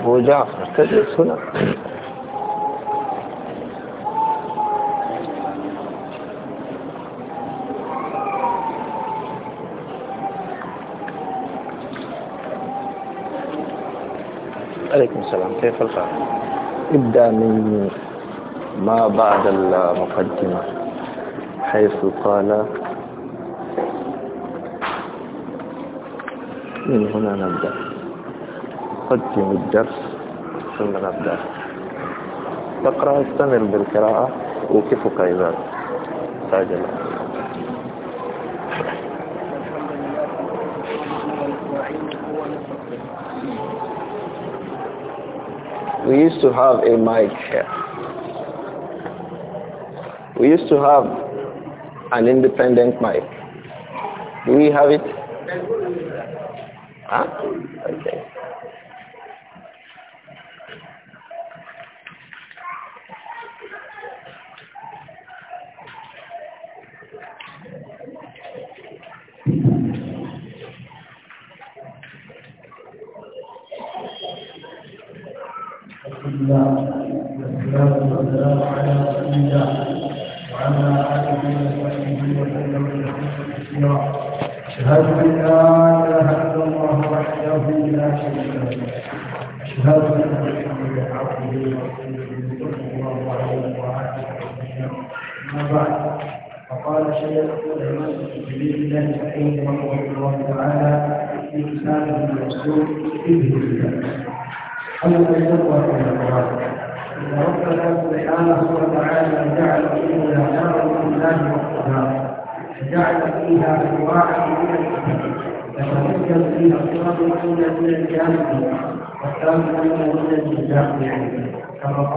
أبو جعفر تجلس هنا عليكم السلام كيف الحال ابدأ من ما بعد المقدمة حيث قال من هنا نبدأ الدرس ثم نبدأ تقرأ استمر إذا We used to have a mic here. We used to have an independent mic. Do we have it?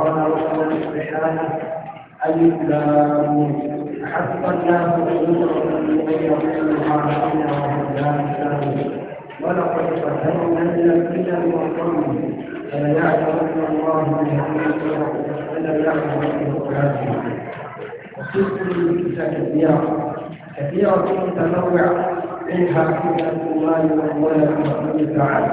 ربنا وحسن الصحابة ألف حتى الناس يدركوا من يرحمها ربنا وحسن ولقد فتنا الذين من قبلهم فلا يعلمن الله بهم فلا يعلمن بهم وصدق كثيرة كثيرة متنوعة منها كتاب الله والولد والرسول تعالى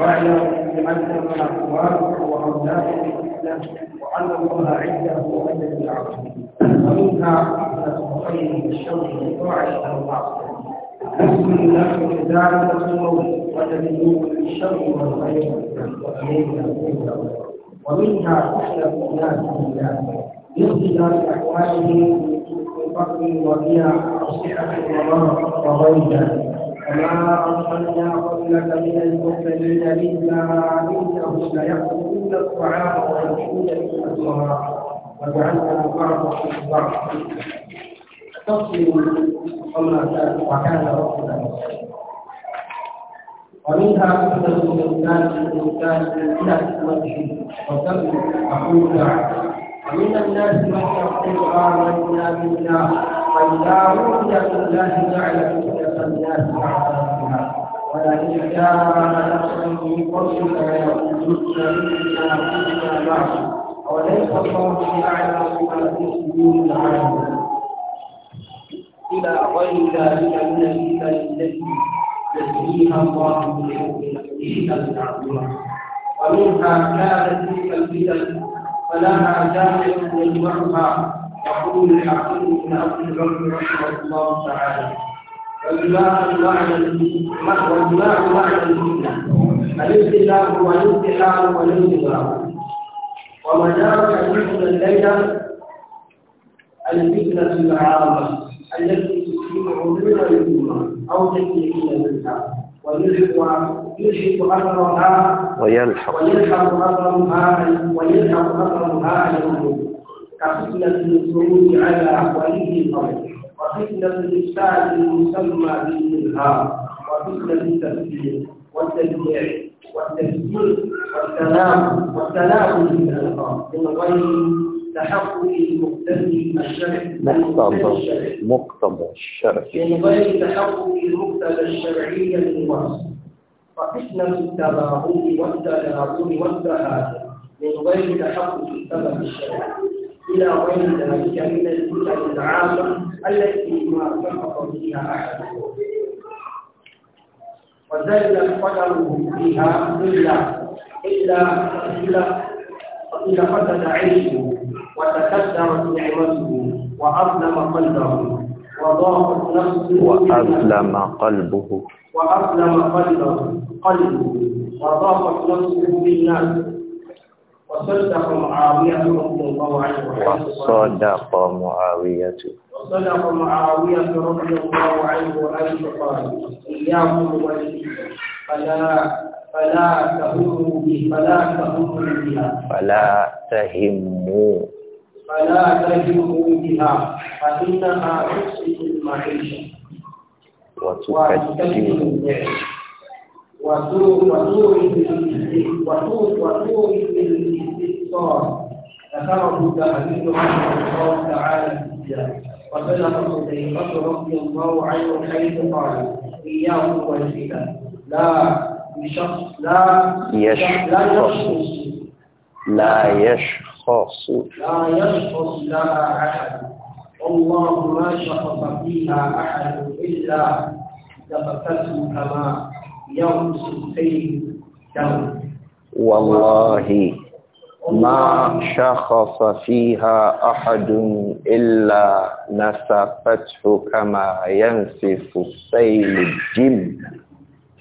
واعلم أن الأقوال وأولادهم له وأن الله عنده أجر العظيم ومنها فتنة الخير والشر والطاعة إلى الله بسم الله ذلك الصوم وتبين الشر والخير وإليه المصير ومنها فتنة الناس بالله باختلاف أحوالهم من فقر وغنى أو صحة ومرض وغير ذلك كما أرسلنا قبلك من المرسلين إلا إنهم ليأكلون الطعام ويمشون في الأسواق وجعلنا في بعض تصل وما كان وكان ربنا ومنها أن الإنسان الإنسان إلى وجهه وتم أقول ومن الناس من يقول آمنا بالله وإذا أوذي بالله جعل فتنة الناس عامة من قبلك ليقولن إنا كنا معكم أوليس الله بأعلم بما في صدور إلى غير ذلك من الفتن التي يسميها الله بالحكم الفتن العظيمة ومنها كانت تلك الفتن فلها جامع يجمعها يقول الحكيم بن عبد البر رحمه الله تعالى والجماع معنى والجماع معنى الفتنة الابتلاء والابتلاء والانتظار ومدار تكون الليلة الفتنة العامة التي تسلم عمرنا الأمة أو تكلفنا منها ويلحق أثرها ويلحق أثرها ويلحق أثرها على الأمور كفتنة الخروج على أحواله الأرض وفتنة الإشكال المسمى بالإلهام وفتنة التفكير والتجميع والكلام والكلام من بالألفاظ من غير تحقق المقتضي الشرعي مقتضى الشرعي من غير تحقق المقتضى الشرعي للوصف وفتنة التباهل والتلاعب والتهاجم من غير تحقق السبب الشرعي إلى غير ذلك من البدع العامة التي ما سقط فيها أحد وذل قدره فيها إلا إلا إلا إلا فسد عيشه وتكدرت نعمته وأظلم قلبه وضاقت نفسه وأظلم قلبه وأظلم قلبه قلبه وضاقت نفسه بالناس وصدق معاوية رضي الله عنه وصدق معاوية وصدق معاوية رضي الله عنه وأنه قال إياكم فلا فلا تهموا فلا تهموا بها فلا تهموا فلا تهموا بها فإنها تفسد المعيشة وتكثر وتورث وتورث الإبصار ذكره تأمين رحمه الله تعالى فيها وبلغ حذيفة رضي الله عنه حيث قال إياه والفتن لا بشخص لا يشخص لا يشخص لا يشخص لا يشخص لها أحد والله ما شخص فيها أحد إلا دفقته كما يغمس السيل والله ما شخص فيها أحد إلا نسفته كما ينسف السيل الجن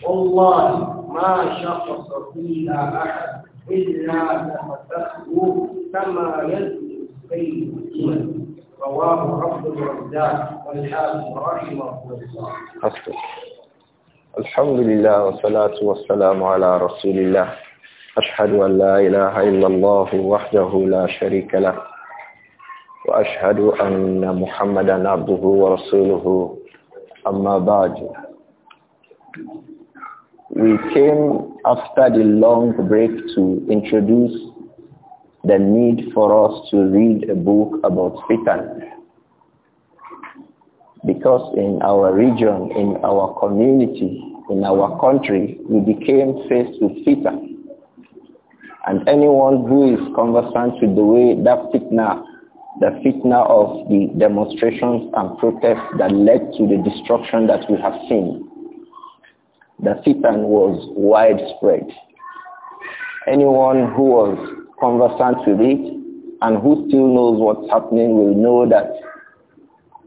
والله ما شخص فيها أحد إلا نسفته كما ينسف السيل الجن رواه عبد الرزاق والحاكم رحمه الله الحمد لله والصلاة والسلام على رسول الله أشهد أن لا إله إلا الله وحده لا شريك له وأشهد أن محمدا عبده ورسوله أما بعد We came after the long break to introduce the need for us to read a book about fitan. Because in our region, in our community, in our country, we became faced with fitan. And anyone who is conversant with the way that fitna, the fitna of the demonstrations and protests that led to the destruction that we have seen, the fitna was widespread. Anyone who was conversant with it and who still knows what's happening will know that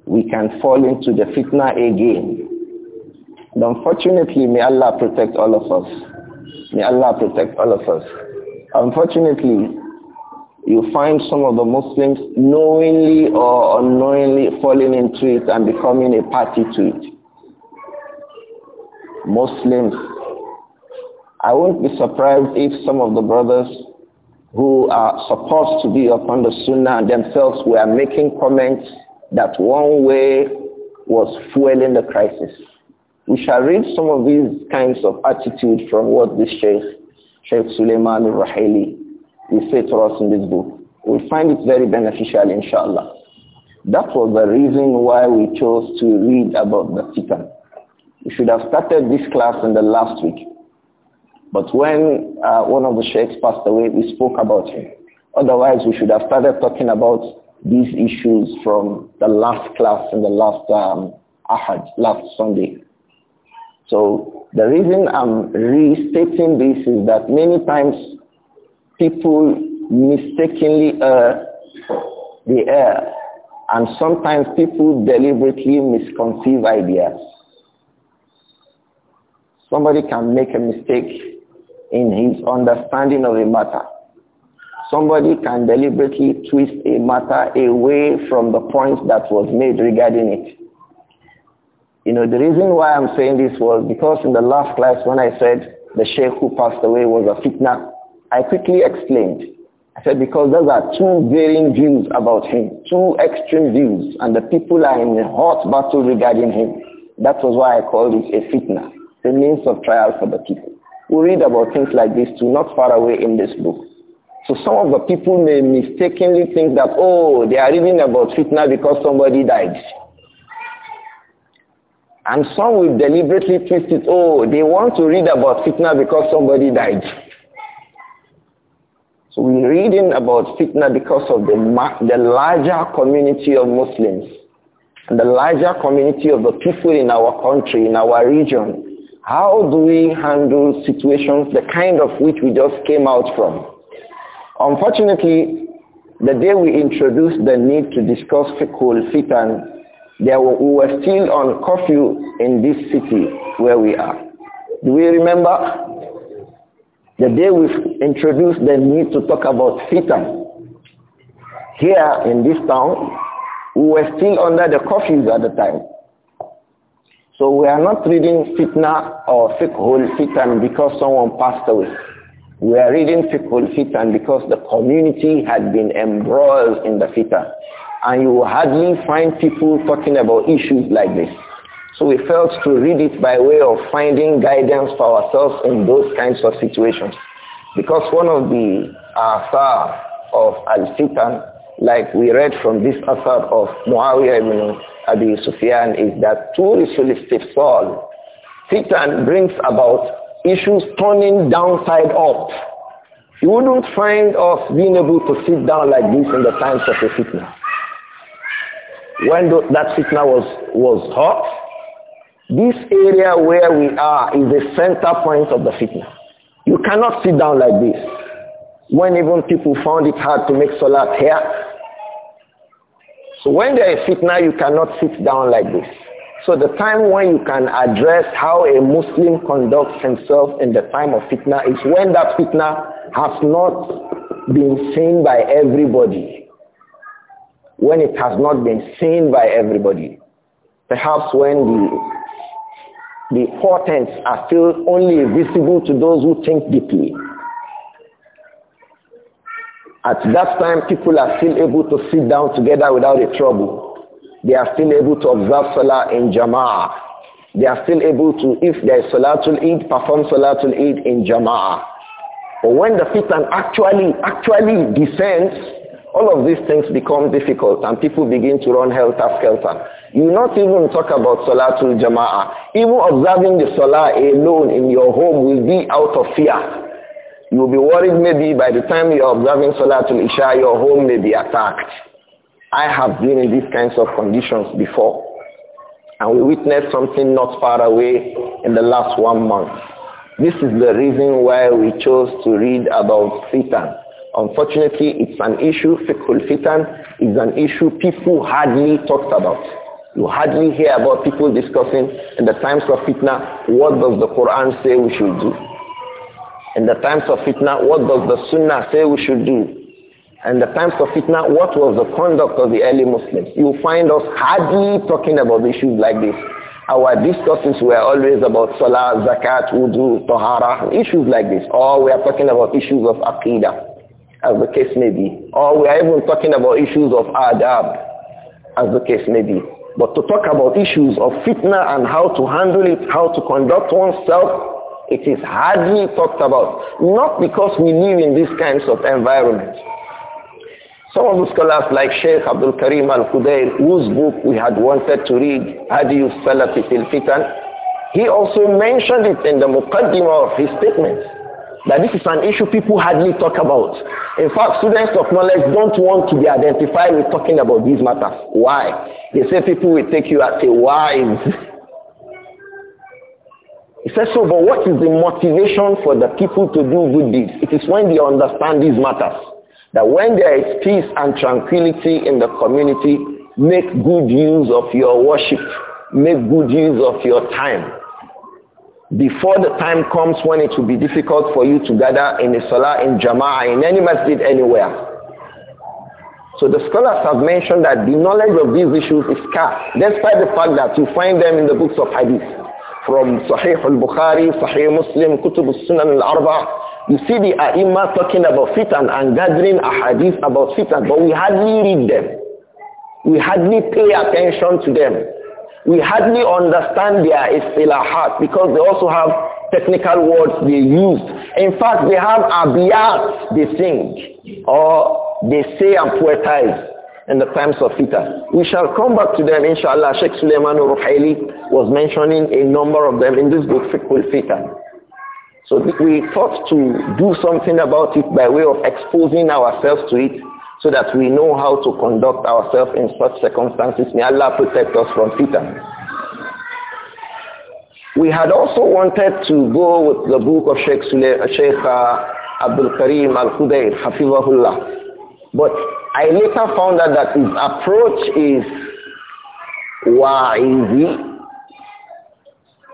we can fall into the fitna again. And unfortunately, may Allah protect all of us. May Allah protect all of us. Unfortunately, you find some of the Muslims knowingly or unknowingly falling into it and becoming a party to it. Muslims. I won't be surprised if some of the brothers who are supposed to be upon the Sunnah themselves were making comments that one way was fueling the crisis. We shall read some of these kinds of attitude from what this Shaykh Sheikh Suleiman al-Rahili will say to us in this book. We'll find it very beneficial, inshallah. That was the reason why we chose to read about the fitan. We should have started this class in the last week. But when uh, one of the sheikhs passed away, we spoke about him. Otherwise, we should have started talking about these issues from the last class in the last um, Ahad, last Sunday. So the reason I'm restating this is that many times people mistakenly err, they err. And sometimes people deliberately misconceive ideas. Somebody can make a mistake in his understanding of a matter. Somebody can deliberately twist a matter away from the point that was made regarding it. You know, the reason why I'm saying this was because in the last class when I said the sheikh who passed away was a fitna, I quickly explained. I said because those are two varying views about him, two extreme views, and the people are in a hot battle regarding him. That was why I called it a fitna, the means of trial for the people. We read about things like this too, not far away in this book. So some of the people may mistakenly think that, oh, they are reading about fitna because somebody died. And some will deliberately twist it. Oh, they want to read about fitna because somebody died. So we're reading about fitna because of the, the larger community of Muslims and the larger community of the people in our country, in our region. How do we handle situations, the kind of which we just came out from? Unfortunately, the day we introduced the need to discuss fitna, there were, we were still on curfew in this city where we are. Do we remember? The day we introduced the need to talk about fitan. Here in this town, we were still under the curfews at the time. So we are not reading fitna or fiqhul fitan because someone passed away. We are reading fiqhul fitan because the community had been embroiled in the fitan and you hardly find people talking about issues like this. So we felt to read it by way of finding guidance for ourselves in those kinds of situations. Because one of the asar of Al-Fitan, like we read from this asar of Muawiyah ibn Abi Sufyan, is that this Istifsal, Fitan brings about issues turning downside up. You wouldn't find us being able to sit down like this in the times of the fitna when that fitna was, was hot, this area where we are is the center point of the fitna. You cannot sit down like this. When even people found it hard to make salat here. So when there is fitna, you cannot sit down like this. So the time when you can address how a Muslim conducts himself in the time of fitna is when that fitna has not been seen by everybody when it has not been seen by everybody. Perhaps when the the portents are still only visible to those who think deeply. At that time, people are still able to sit down together without a trouble. They are still able to observe Salah in Jama'ah. They are still able to, if there is Salatul Eid, perform Salatul Eid in Jama'ah. But when the fitan actually, actually descends, all of these things become difficult and people begin to run helter-skelter. You not even talk about Salatul Jama'ah. Even observing the Salah alone in your home will be out of fear. You will be worried maybe by the time you are observing Salatul Isha, your home may be attacked. I have been in these kinds of conditions before. And we witnessed something not far away in the last one month. This is the reason why we chose to read about Satan Unfortunately, it's an issue, fiqhul fitan is an issue people hardly talked about. You hardly hear about people discussing in the times of fitna, what does the Quran say we should do? In the times of fitna, what does the sunnah say we should do? In the times of fitna, what was the conduct of the early Muslims? You find us hardly talking about issues like this. Our discussions were always about salah, zakat, wudu, tahara, issues like this. Or we are talking about issues of aqidah as the case may be. Or we are even talking about issues of adab, as the case may be. But to talk about issues of fitna and how to handle it, how to conduct oneself, it is hardly talked about. Not because we live in these kinds of environments. Some of the scholars like Sheikh Abdul Karim Al-Qudayr, whose book we had wanted to read, Hadiyus Salafi Fil Fitan, he also mentioned it in the Muqaddimah of his statements that this is an issue people hardly talk about. In fact, students of knowledge don't want to be identified with talking about these matters. Why? They say people will take you as a wise. He says so, but what is the motivation for the people to do good deeds? It is when they understand these matters. That when there is peace and tranquility in the community, make good use of your worship. Make good use of your time before the time comes when it will be difficult for you to gather in the salah, in jama'ah, in any masjid, anywhere. So the scholars have mentioned that the knowledge of these issues is scarce, despite the fact that you find them in the books of hadith. From Sahih al-Bukhari, Sahih Muslim, Kutub al-Sunan al-Arba, you see the ai talking about fitan and gathering a hadith about fitan, but we hardly read them. We hardly pay attention to them we hardly understand their istilahat because they also have technical words they use. In fact, they have abiyat they sing or they say and poetize in the times of fitah. We shall come back to them inshallah. Sheikh Suleiman Ruhaili was mentioning a number of them in this book, Fiqhul Fitah. So we thought to do something about it by way of exposing ourselves to it so that we know how to conduct ourselves in such circumstances. May Allah protect us from fitan. We had also wanted to go with the book of Sheikh, Sule, Sheikh uh, Abdul Karim Al-Khudayr, Hafizahullah. But I later found out that his approach is wa'izi,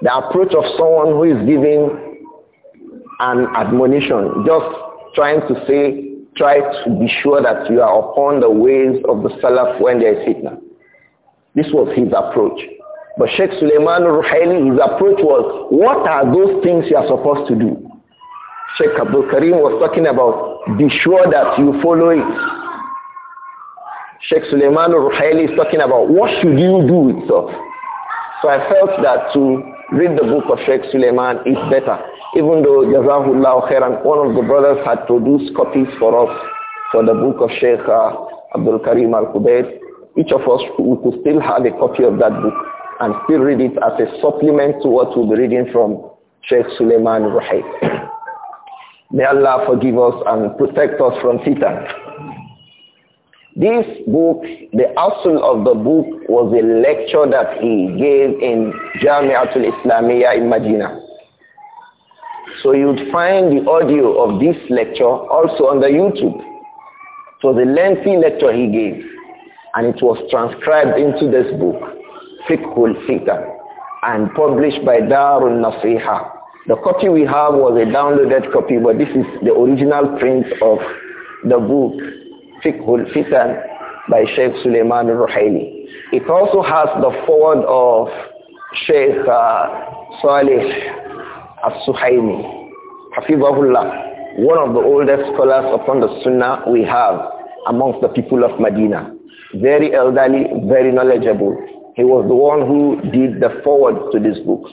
the approach of someone who is giving an admonition, just trying to say Try to be sure that you are upon the ways of the Salaf when there is fitna. This was his approach. But Sheikh Suleiman Ruhaili, his approach was, what are those things you are supposed to do? Sheikh Abdul Karim was talking about, be sure that you follow it. Sheikh Suleiman Ruhaili is talking about, what should you do itself? So I felt that to read the book of Sheikh Suleiman is better. Even though Jazahullah Khairan, one of the brothers had produced copies for us for the book of Sheikh uh, Abdul Karim Al-Qubayd, each of us we could still have a copy of that book and still read it as a supplement to what we'll be reading from Sheikh Suleiman Ruhay. May Allah forgive us and protect us from Satan. This book, the asl of the book was a lecture that he gave in Jami'atul Islamiyah in Medina. So you'd find the audio of this lecture also on the YouTube. It was a lengthy lecture he gave, and it was transcribed into this book, Fiqhul Fitan, and published by Darul Nasiha. The copy we have was a downloaded copy, but this is the original print of the book, Fiqhul Fitan, by Sheikh Suleiman Ruhaili. It also has the forward of Sheikh uh, Salih as-Suhaimi, Hafizahullah, one of the oldest scholars upon the Sunnah we have amongst the people of Medina. Very elderly, very knowledgeable. He was the one who did the forward to these books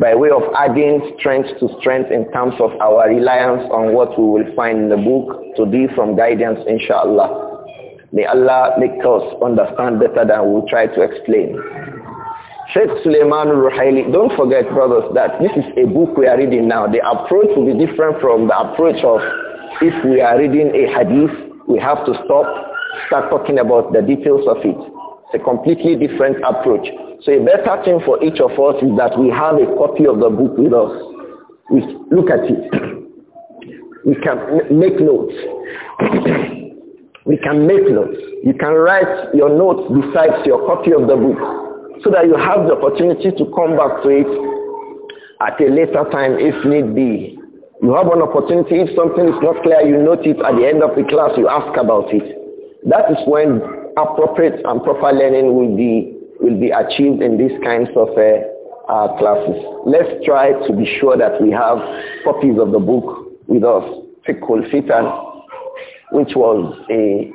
by way of adding strength to strength in terms of our reliance on what we will find in the book to be from guidance, inshallah. May Allah make us understand better than we we'll try to explain. Sheikh Suleiman Ruhaili, don't forget, brothers, that this is a book we are reading now. The approach will be different from the approach of if we are reading a hadith, we have to stop, start talking about the details of it. It's a completely different approach. So a better thing for each of us is that we have a copy of the book with us. We look at it. We can make notes. we can make notes. You can write your notes besides your copy of the book so that you have the opportunity to come back to it at a later time if need be. You have an opportunity, if something is not clear, you note it at the end of the class, you ask about it. That is when appropriate and proper learning will be, will be achieved in these kinds of uh, uh, classes. Let's try to be sure that we have copies of the book with us, Fiqhul Fitan, which was a,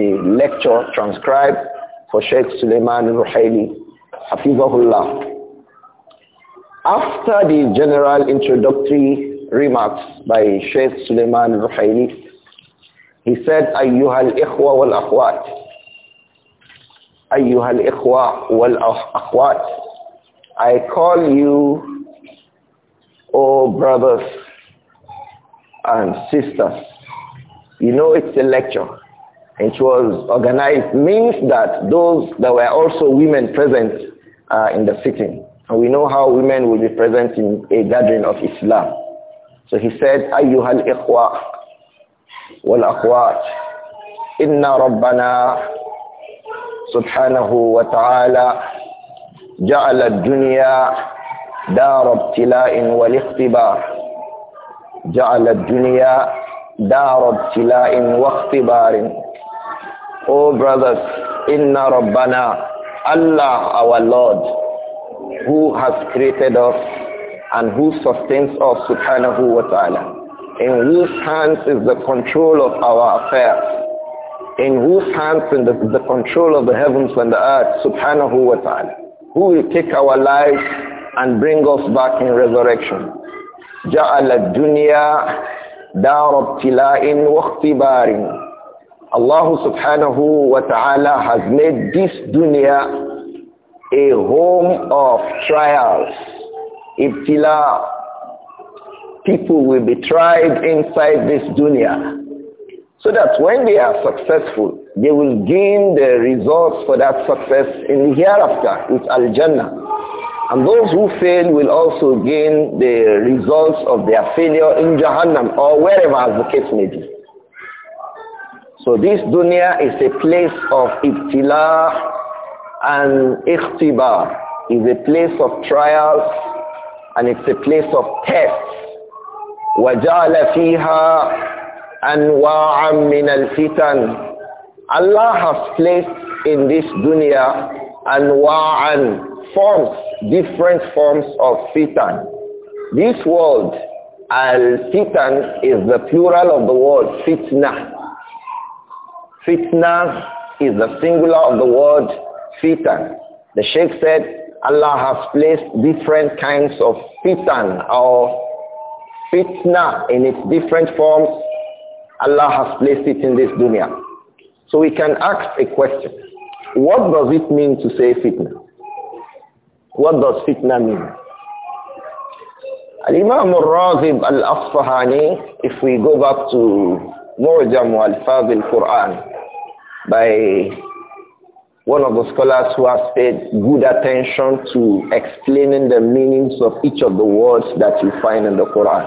a lecture transcribed for Sheikh Suleiman Ruhaili Hafizahullah. After the general introductory remarks by Sheikh Suleiman Ruhaili, he said, أيها الإخوة والأخوات أيها الإخوة والأخوات I call you, O oh brothers and sisters. You know it's a lecture. It was organized, means that those, there were also women present uh, in the sitting. And we know how women will be present in a gathering of Islam. So he said, أيها الإخوة والأخوات إن ربنا سبحانه وتعالى جعل الدنيا دار ابتلاء والاختبار جعل الدنيا دار ابتلاء واختبار O oh brothers, Inna Rabbana, Allah our Lord, who has created us and who sustains us subhanahu wa ta'ala, in whose hands is the control of our affairs, in whose hands is the, the control of the heavens and the earth subhanahu wa ta'ala, who will take our lives and bring us back in resurrection. جعل الدنيا دار ابتلاء واختبار Allah subhanahu wa ta'ala has made this dunya a home of trials. Ibtila. People will be tried inside this dunya. So that when they are successful, they will gain the results for that success in the hereafter with Al-Jannah. And those who fail will also gain the results of their failure in Jahannam or wherever as the case may be. So this dunya is a place of ibtila and ikhtibar. is a place of trials and it's a place of tests. وَجَعَلَ فِيهَا أَنْوَاعًا مِنَ الْفِتَنِ Allah has placed in this dunya anwa'an forms, different forms of fitan. This word al-fitan is the plural of the word fitna. Fitna is the singular of the word fitan. The Sheikh said Allah has placed different kinds of fitan or fitna in its different forms. Allah has placed it in this dunya. So we can ask a question. What does it mean to say fitna? What does fitna mean? Al-Imam al-Razib al-Asfahani, if we go back to Mu'jam al-Faz al-Quran, by one of the scholars who has paid good attention to explaining the meanings of each of the words that you find in the Quran.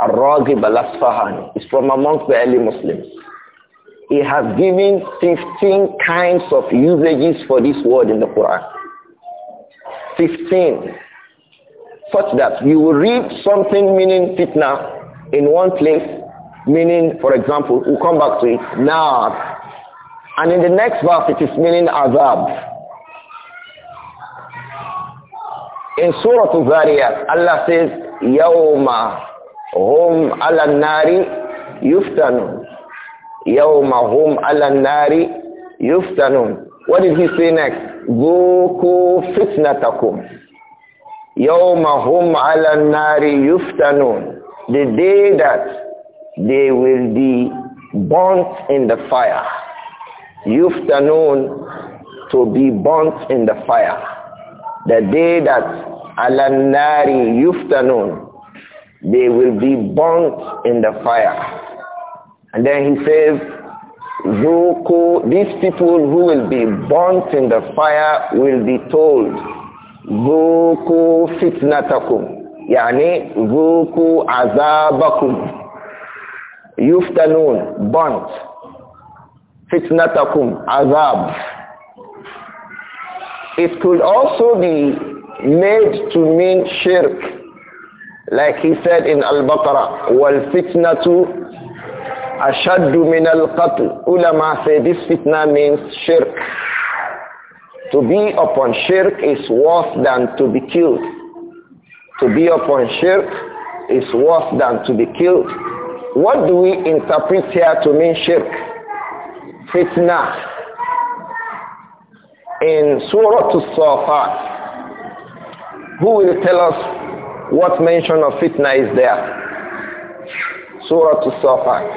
Ar-Raghib al is from amongst the early Muslims. He has given 15 kinds of usages for this word in the Quran. 15. Such that you will read something meaning fitna in one place, meaning, for example, we'll come back to it, now and in the next verse, it is meaning azab. In Surah Zariyat, Allah says, Yawma hum ala nari yuftanun. Yawma hum ala nari yuftanun. What did he say next? Zuku fitnatakum. Yawma hum ala nari yuftanun. The day that they will be burnt in the fire. Yuftanun, to be burnt in the fire. The day that Alanari Yuftanun, they will be burnt in the fire. And then he says, Zuku, these people who will be burnt in the fire will be told, Zuku fitnatakum. Yani, Zuku azabakum. Yuftanun, burnt fitnatakum azab it could also be made to mean shirk like he said in al-baqarah wal fitnatu ashaddu min al-qatl ulama say this fitna means shirk to be upon shirk is worse than to be killed to be upon shirk is worse than to be killed what do we interpret here to mean shirk fitna in Surah Al-Safat. Who will tell us what mention of fitna is there? Surah Al-Safat.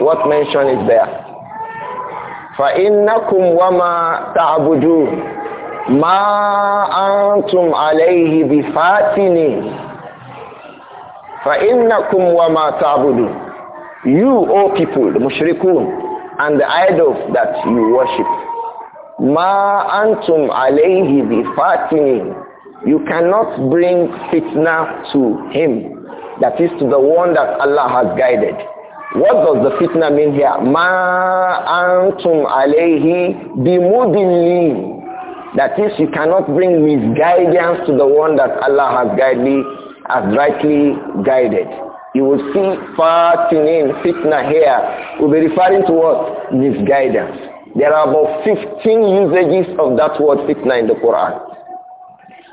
What mention is there? فَإِنَّكُمْ وَمَا تَعْبُدُونَ ما أنتم عليه بفاتنين فإنكم وما تعبدون you O people the mushrikun and the idols that you worship. Ma antum alayhi bifatinin. You cannot bring fitna to him. That is to the one that Allah has guided. What does the fitna mean here? Ma antum alayhi bimudillin. That is, you cannot bring misguidance to the one that Allah has guided, has rightly guided. You will see fatinin fitna here. We'll be referring to what? Misguidance. There are about 15 usages of that word fitna in the Quran.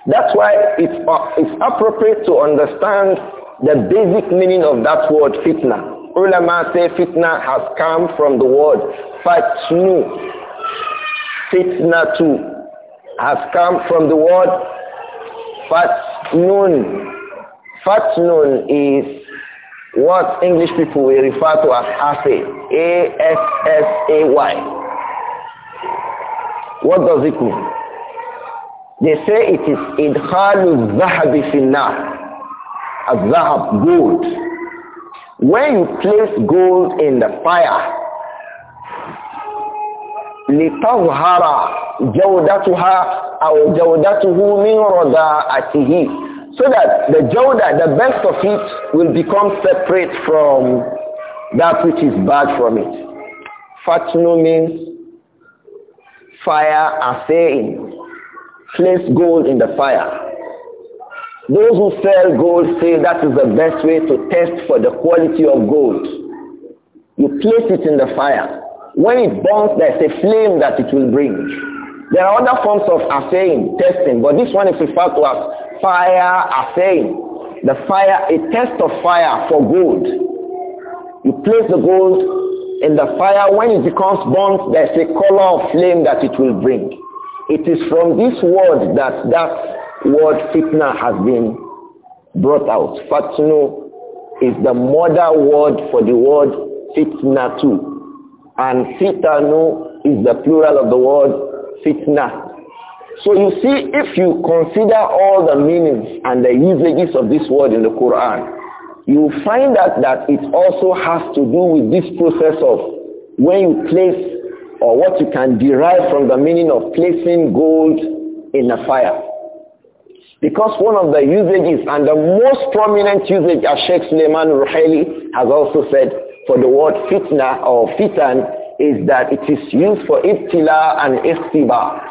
That's why it's, uh, it's appropriate to understand the basic meaning of that word fitna. Ulama say fitna has come from the word fatnu. Fitna too has come from the word fatnun. Fatnun is what English people will refer to as assay, A-S-S-A-Y. What does it mean? They say it is idhalu zahabi finna, a zahab, gold. When you place gold in the fire, لتظهر جودتها أو جودته من رداءته so that the jawda, the best of it, will become separate from that which is bad from it. Fatno means fire assaying. Place gold in the fire. Those who sell gold say that is the best way to test for the quality of gold. You place it in the fire. When it burns, there's a flame that it will bring. There are other forms of assaying, testing, but this one is referred to as fire affain. The fire, a test of fire for gold. You place the gold in the fire. When it becomes burnt, there's a color of flame that it will bring. It is from this word that that word fitna has been brought out. Fatnu is the mother word for the word fitna too. And fitanu is the plural of the word fitna. So you see, if you consider all the meanings and the usages of this word in the Quran, you find out that it also has to do with this process of when you place or what you can derive from the meaning of placing gold in a fire. Because one of the usages and the most prominent usage as Sheikh Suleiman Ruhaili has also said for the word fitna or fitan is that it is used for ibtila and istiba.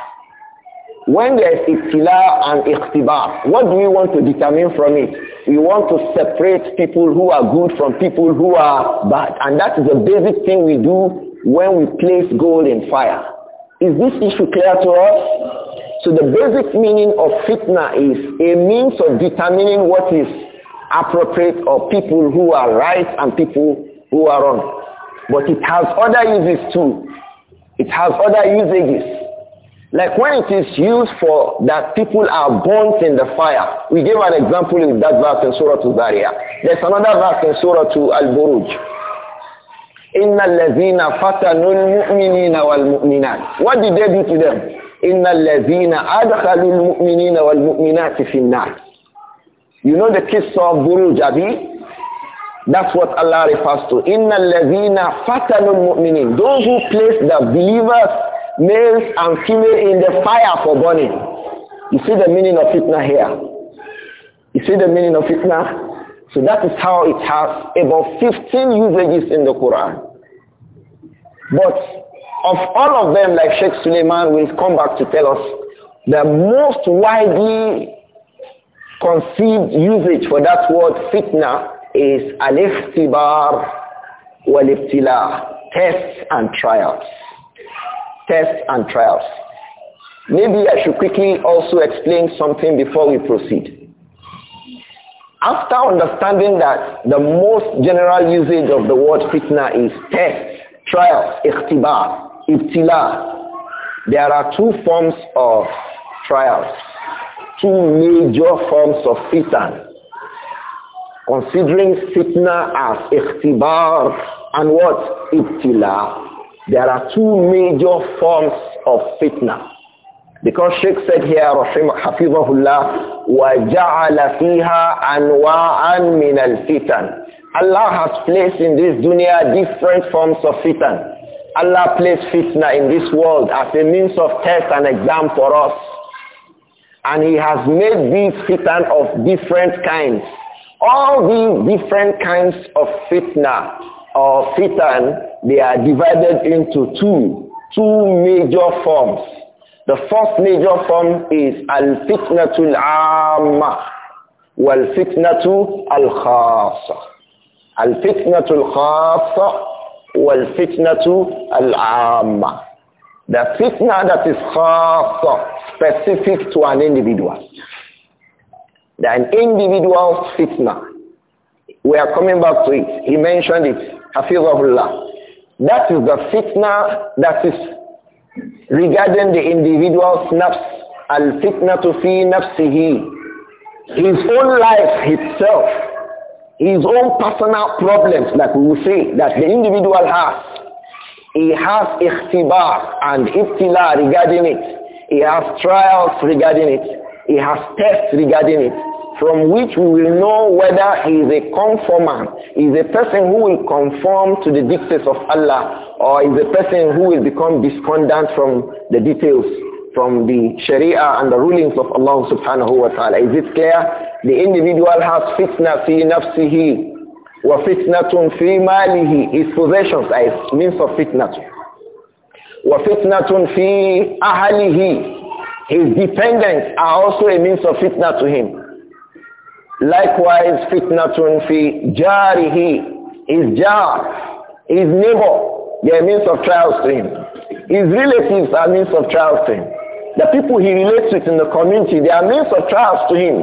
When there is iktila and iktibar, what do we want to determine from it? We want to separate people who are good from people who are bad. And that is the basic thing we do when we place gold in fire. Is this issue clear to us? So the basic meaning of fitna is a means of determining what is appropriate of people who are right and people who are wrong. But it has other uses too. It has other usages. Like when it is used for that people are burnt in the fire. We gave an example in that verse in Surah to Zaria. There's another verse in Surah to Al-Buruj. إِنَّ الَّذِينَ فَتَنُوا wal muminat What did they do to them? إِنَّ الَّذِينَ al الْمُؤْمِنِينَ wal mu'minat النَّارِ You know the kiss of Buruj, Abi? That's what Allah refers to. إِنَّ الَّذِينَ fatanul mu'minin. Those who place the believers males and female in the fire for burning. You see the meaning of fitna here. You see the meaning of fitna? So that is how it has about 15 usages in the Quran. But of all of them, like Sheikh Suleiman will come back to tell us, the most widely conceived usage for that word fitna is al-ikhtibar wal-ibtila, tests and trials tests and trials. Maybe I should quickly also explain something before we proceed. After understanding that the most general usage of the word fitna is test, trial, ikhtibar, ibtila, there are two forms of trials, two major forms of fitna. Considering fitna as ikhtibar and what? Ibtila. There are two major forms of fitna. Because Sheikh said here, Hafizahullah, وَجَعَلَ فِيهَا أَنْوَاءً مِنَ الْفِتَنِ Allah has placed in this dunya different forms of fitna. Allah placed fitna in this world as a means of test and exam for us. And he has made these fitna of different kinds. All these different kinds of fitna or fitan, they are divided into two, two major forms. The first major form is al-fitnatul amma wal-fitnatu al-khassa. Al-fitnatul khasa al fitnatul khasa wal al-amma. The fitna that is khasa, specific to an individual. The individual individual's fitna. We are coming back to it. He mentioned it Hafizahullah. That is the fitna that is regarding the individual's nafs. al to fi nafsihi. His own life itself. His own personal problems, like we will say, that the individual has. He has ikhtibar and ibtila regarding it. He has trials regarding it. He has tests regarding it from which we will know whether he is a conformer, is a person who will conform to the dictates of Allah, or is a person who will become discordant from the details, from the Sharia and the rulings of Allah subhanahu wa ta'ala. Is it clear? The individual has fitna fi nafsihi, wa fitnatun fi malihi, his possessions are means of fitnatun. Wa fitnatun fi ahalihi, his dependents are also a means of fitna to him. Likewise, fitnatun fi jarihi, his jar, his neighbor, they are means of trials to him. His relatives are means of trials to him. The people he relates with in the community, they are means of trials to him.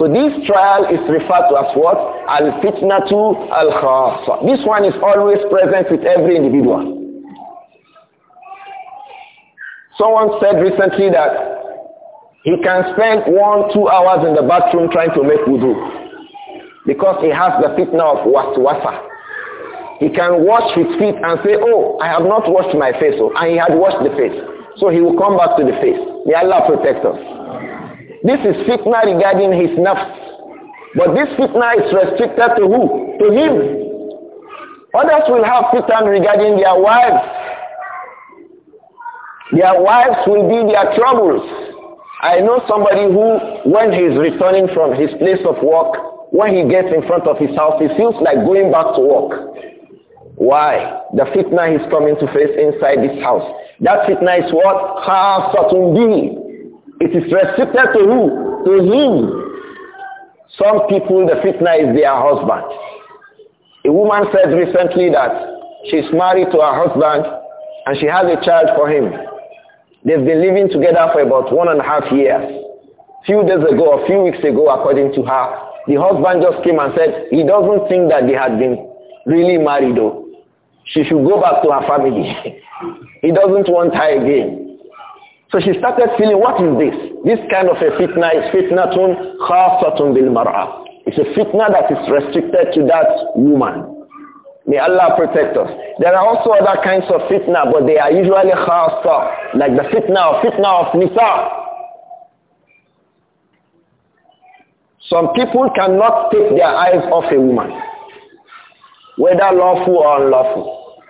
So this trial is referred to as what? Al-fitnatu al-khasa. This one is always present with every individual. Someone said recently that he can spend one, two hours in the bathroom trying to make wudu because he has the fitna of waswasa. He can wash his feet and say, oh, I have not washed my face. Oh. And he had washed the face. So he will come back to the face. May Allah protect us. This is fitna regarding his nafs. But this fitna is restricted to who? To him. Others will have fitna regarding their wives. Their wives will be their troubles. I know somebody who, when he's returning from his place of work, when he gets in front of his house, he feels like going back to work. Why? The fitna he's coming to face inside this house. That fitna is what? It is restricted to who? To him. Some people, the fitna is their husband. A woman said recently that she's married to her husband and she has a child for him. They've been living together for about one and a half years. Few days ago, a few weeks ago, according to her, the husband just came and said he doesn't think that they had been really married though. She should go back to her family. he doesn't want her again. So she started feeling, what is this? This kind of a fitna is fitnatun khasatun bil mar'a. It's a fitna that is restricted to that woman. May Allah protect us. There are also other kinds of fitna, but they are usually khasa, like the fitna of fitna of nisa. Some people cannot take their eyes off a woman, whether lawful or unlawful.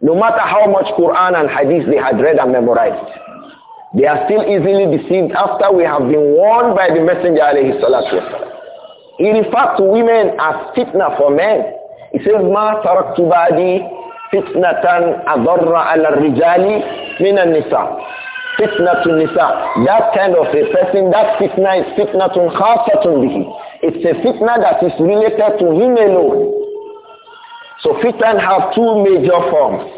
No matter how much Quran and Hadith they had read and memorized, they are still easily deceived after we have been warned by the Messenger alayhi salatu wasalam. women are fitna for men. He says, مَا تَرَكْتُ بَعْدِي فِتْنَةً أَضَرَّ عَلَى الرِّجَالِ مِنَ النِّسَاءِ Fitnatun Nisa. That kind of a person, that fitna is fitnatun khasatun bihi. It's a fitna that is related to him alone. So fitna have two major forms.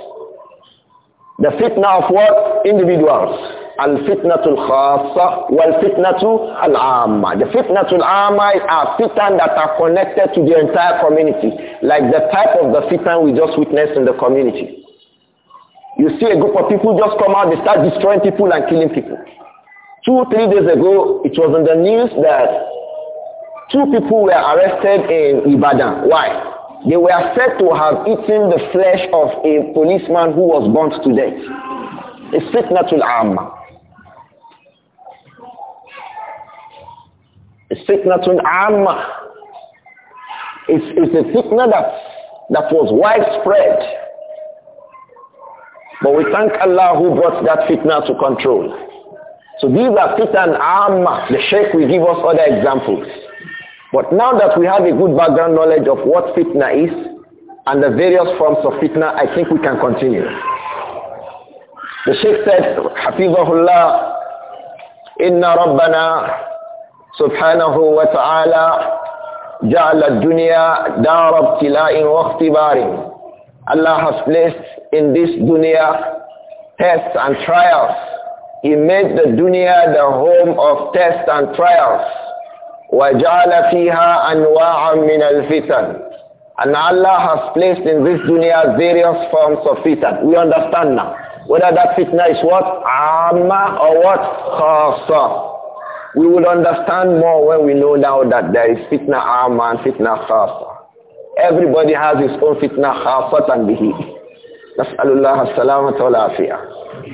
The fitna of what? Individuals. al-fitnatul khasa, wal-fitnatul al-amma. The fitnatul amma are fitan that are connected to the entire community, like the type of the fitan we just witnessed in the community. You see a group of people just come out, they start destroying people and killing people. Two, three days ago, it was in the news that two people were arrested in Ibadan. Why? They were said to have eaten the flesh of a policeman who was burnt to death. It's fitnatul amma. fitnatun amma. It's, it's a fitna that, that was widespread. But we thank Allah who brought that fitna to control. So these are fitna and amma. The Sheikh will give us other examples. But now that we have a good background knowledge of what fitna is and the various forms of fitna, I think we can continue. The Sheikh said, حفظه الله إن ربنا سبحانه وتعالى جعل الدنيا دار ابتلاء واختبار Allah has placed in this dunya tests and trials. He made the dunya the home of tests and trials. وَجَعَلَ فِيهَا أَنْوَاعًا مِنَ الْفِتَنِ And Allah has placed in this dunya various forms of fitan. We understand now. Whether that fitna is what? Amma or what? Khasa. We would understand more when we know now that there is fitna am and fitna khasa. Everybody has his own fitna and bihi. Nas'alullah as-salamata wal-afiyah.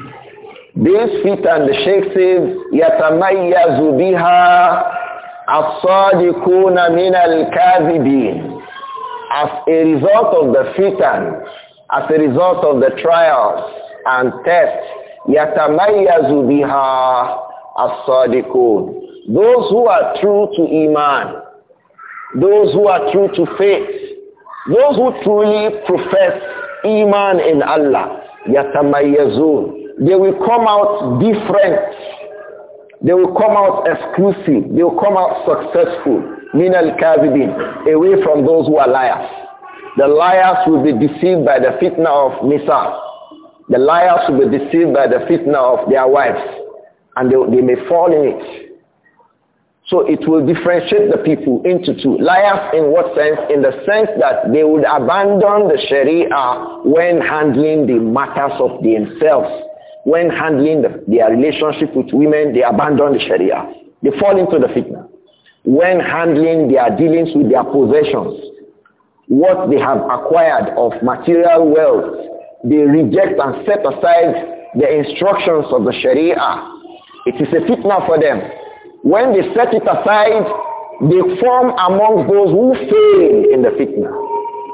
This fitna, the Sheikh says, يَتَمَيَّزُ بِهَا الصَّادِقُونَ مِنَ الْكَاذِبِينَ As a result of the fitna, as a result of the trials and tests, يَتَمَيَّزُ بِهَا as-sadiqun. Those who are true to Iman, those who are true to faith, those who truly profess Iman in Allah, yatamayyazun. They will come out different. They will come out exclusive. They will come out successful. Min al-kazibin. Away from those who are liars. The liars will be deceived by the fitna of Nisa. The liars will be deceived by the fitna of their wives and they, they may fall in it. So it will differentiate the people into two. Liars in what sense? In the sense that they would abandon the Sharia when handling the matters of themselves. When handling the, their relationship with women, they abandon the Sharia. They fall into the fitna. When handling their dealings with their possessions, what they have acquired of material wealth, they reject and set aside the instructions of the Sharia it is a fitna for them. When they set it aside, they form among those who fail in the fitna.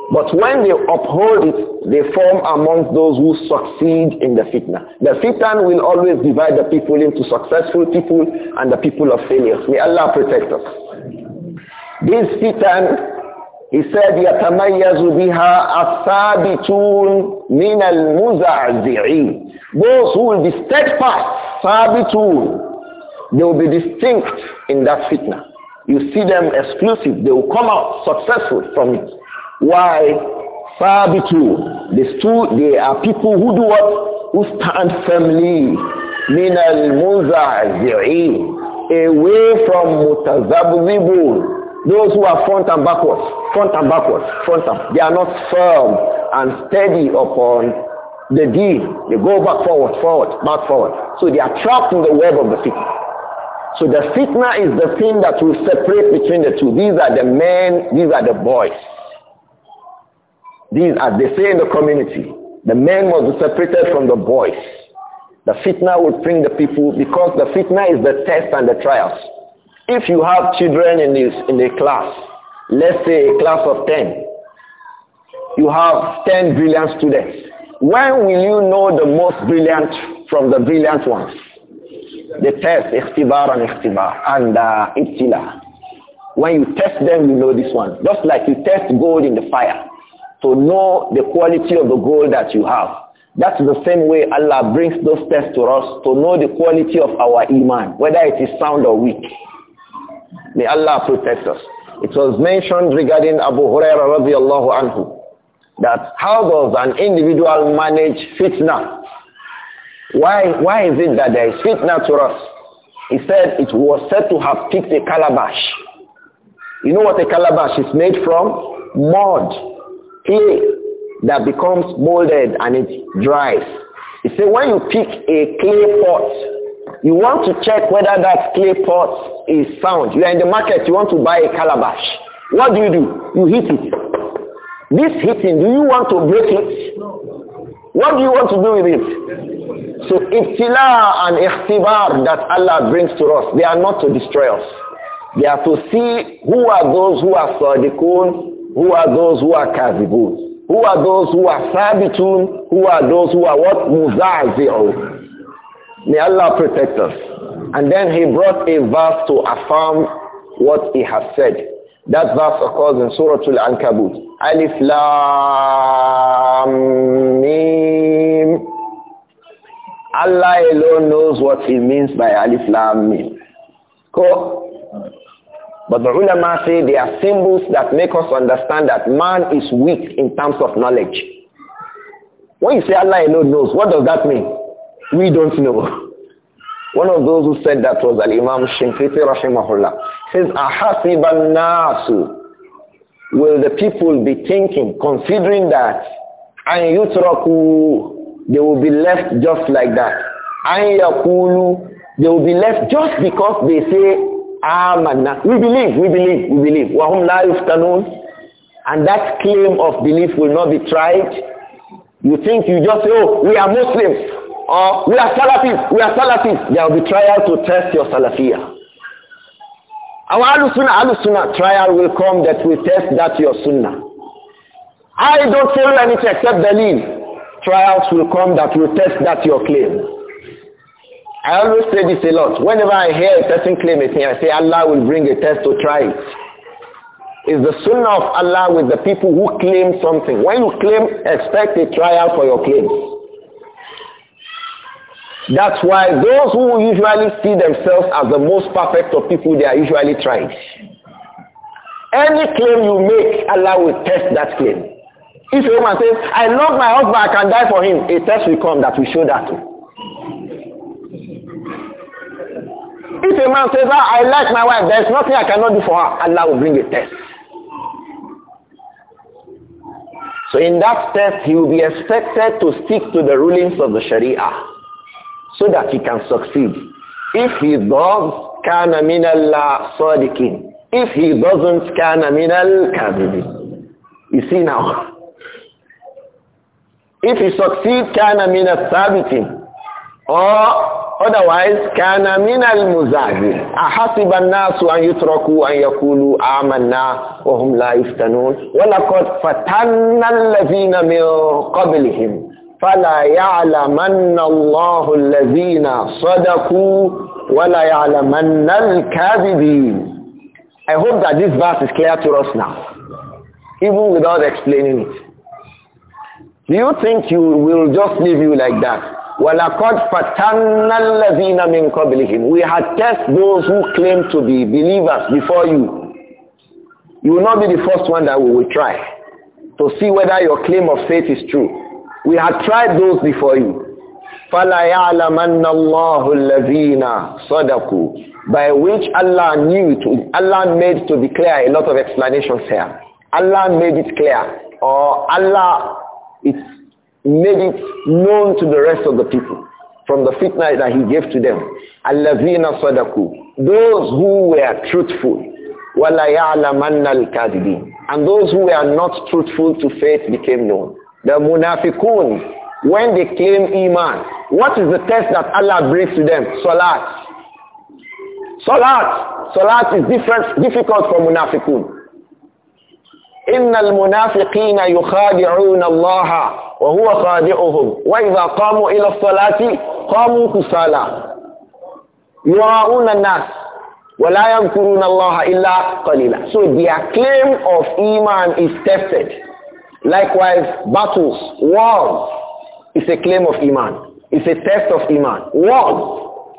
But when they uphold it, they form among those who succeed in the fitna. The fitna will always divide the people into successful people and the people of failures. May Allah protect us. This fitna he said, يَتَمَيَّزُ بِهَا الثَّابِتُونَ مِنَ الْمُزَعْزِعِينَ Those who will be steadfast, sabitun, They will be distinct in that fitna. You see them exclusive. They will come out successful from it. Why? sabitun? they, two. they are people who do what? Who stand firmly. مِنَ الْمُزَعْزِعِينَ Away from مُتَذَبْذِبُونَ those who are front and backwards, front and backwards, front and, they are not firm and steady upon the deed. They go back forward, forward, back forward. So they are trapped in the web of the fitna. So the fitna is the thing that will separate between the two. These are the men, these are the boys. These are, they say in the community, the men must be separated from the boys. The fitna will bring the people because the fitna is the test and the trials. If you have children in this in a class, let's say a class of 10, you have 10 brilliant students. When will you know the most brilliant from the brilliant ones? The test, ikhtibar and ikhtibar, and uh, ibtila. When you test them, you know this one. Just like you test gold in the fire to know the quality of the gold that you have. That's the same way Allah brings those tests to us to know the quality of our iman, whether it is sound or weak. May Allah protect us. It was mentioned regarding Abu Huraira radiallahu anhu that how does an individual manage fitna? Why, why is it that there is fitna to us? He said it was said to have picked a calabash. You know what a calabash is made from? Mud, clay that becomes molded and it dries. He said when you pick a clay pot you want to check whether that clay pot is sound. You are in the market, you want to buy a calabash. What do you do? You hit it. This hitting, do you want to break it? What do you want to do with it? So ibtila and ikhtibar that Allah brings to us, they are not to destroy us. They are to see who are those who are sadiqun, who are those who are kazibun, who are those who are sabitun, who are those who are what? Muzazi'un. May Allah protect us. And then he brought a verse to affirm what he has said. That verse occurs in Surah Al-Ankabut. Alif Lam Mim. Allah alone knows what he means by Alif Lam Mim. Cool? But the ulama say they are symbols that make us understand that man is weak in terms of knowledge. When you say Allah alone knows, what does that mean? We don't know. One of those who said that was Al-Imam Shimkiti Rahimahullah. says, أَحَسِبَ النَّاسُ Will the people be thinking, considering that, أَنْ يُتْرَكُوا They will be left just like that. أَنْ يَقُولُوا They will be left just because they say, آمَنَّا We believe, we believe, we believe. وَهُمْ لَا يُفْتَنُونَ And that claim of belief will not be tried. You think you just say, oh, we are Muslims. Or, we are Salafis, we are Salafis. There will be trial to test your Salafiyah. Our Ahlus-Sunnah, Ahlus-Sunnah trial will come that will test that your Sunnah. I don't follow anything except the lead. Trials will come that will test that your claim. I always say this a lot. Whenever I hear a person claim a thing, I say Allah will bring a test to try it. it is the sunnah of Allah with the people who claim something. When you claim, expect a trial for your claims. That's why those who usually see themselves as the most perfect of people, they are usually tried. Any claim you make, Allah will test that claim. If a woman says, I love my husband, I can die for him, a test will come that will show that. If a man says, ah, I like my wife, there's nothing I cannot do for her, Allah will bring a test. So in that test, he will be expected to stick to the rulings of the Sharia. so that he can succeed. If he does, كَانَ مِنَ الصَّادِقِينَ If he doesn't, كَانَ مِنَ الْكَاذِبِينَ You see now. If he succeeds, كَانَ مِنَ الثَّابِتِينَ Or otherwise, كَانَ مِنَ المزاجين. أَحَسِبَ النَّاسُ أَن يُتْرَكُوا أَن يَقُولُوا آمَنَّا وَهُمْ لَا يُفْتَنُونَ وَلَقَدْ فَتَنَّا الَّذِينَ مِن قَبْلِهِمْ فلا يعلمن الله الذين صدقوا ولا يعلمن الكاذبين I hope that this verse is clear to us now, even without explaining it. Do you think you will just leave you like that? وَلَقَدْ فَتَنَّ الَّذِينَ مِنْ قَبْلِهِمْ We had tested those who claim to be believers before you. You will not be the first one that we will try to see whether your claim of faith is true. We had tried those before you. فَلَيَعْلَمَنَّ اللَّهُ الَّذِينَ صَدَقُوا By which Allah knew, to, Allah made to declare a lot of explanations here. Allah made it clear. Or Allah it made it known to the rest of the people from the fitna that he gave to them. Allazina sadaku. Those who were truthful. Wala ya'lamanna al-kadibin. And those who were not truthful to faith became known. The munafiqun, when they claim iman, what is the test that Allah brings to them? Salat. Salat. Salat is different, difficult for munafiqun. Inna al-munafiqina yukhadi'un wa huwa khadi'uhum. Wa idha qamu ila salati qamu kusala. Yura'una nas. Wa la yankuruna Allah illa qalila. So the claim of iman is tested. Likewise, battles, wars is a claim of Iman. It's a test of Iman. Wars.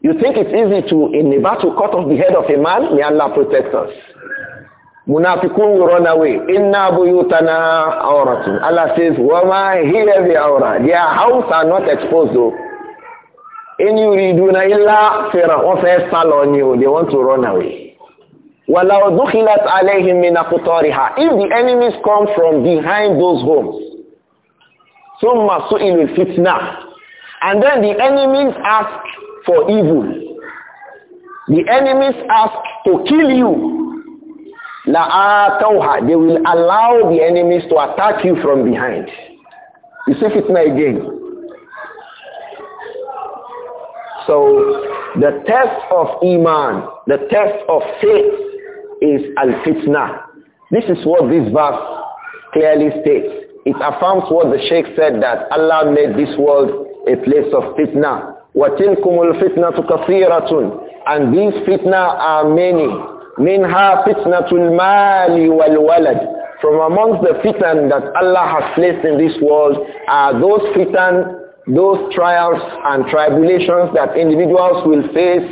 You think it's easy to, in a battle, cut off the head of a man? May Allah protect us. Munafikun will run away. Inna buyutana awratun. Allah says, Wama hiya bi aura. Their house are not exposed though. In yuriduna illa fira. They want to run away. If the enemies come from behind those homes, ثُمَّ سُئِلُ الْفِتْنَةِ And then the enemies ask for evil. The enemies ask to kill you. They will allow the enemies to attack you from behind. You see fitna again. So the test of Iman, the test of faith is al-fitna. This is what this verse clearly states. It affirms what the Sheikh said that Allah made this world a place of fitna. وَتِلْكُمُ الْفِتْنَةُ كَثِيرَةٌ And these fitna are many. مِنْهَا فِتْنَةُ الْمَالِ وَالْوَلَدِ From amongst the fitan that Allah has placed in this world are those fitan, those trials and tribulations that individuals will face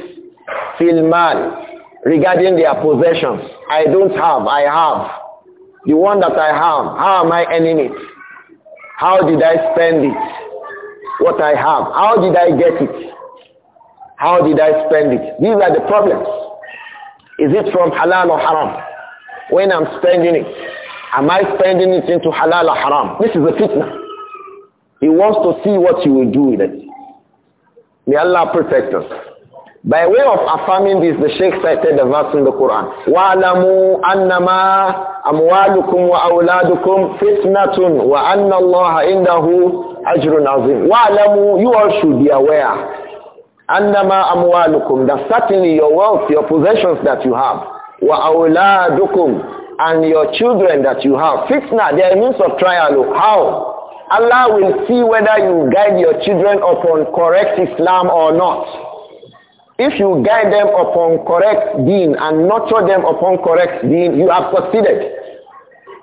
fil mal regarding their possessions. I don't have, I have. The one that I have, how am I earning it? How did I spend it? What I have, how did I get it? How did I spend it? These are the problems. Is it from halal or haram? When I'm spending it, am I spending it into halal or haram? This is a fitna. He wants to see what you will do with it. May Allah protect us. By way of affirming this, the Sheikh cited the verse in the Quran. وَعْلَمُوا أَنَّمَا أَمْوَالُكُمْ وَأَوْلَادُكُمْ فِتْنَةٌ وَأَنَّ اللَّهَ إِنَّهُ أَجْرٌ عَظِيمٌ وَعْلَمُوا You all should be aware. أَنَّمَا أَمْوَالُكُمْ That certainly your wealth, your possessions that you have. وَأَوْلَادُكُمْ And your children that you have. Fitna, they are means of trial. How? Allah will see whether you guide your children upon correct Islam or not. If you guide them upon correct deen and nurture them upon correct deen, you have succeeded.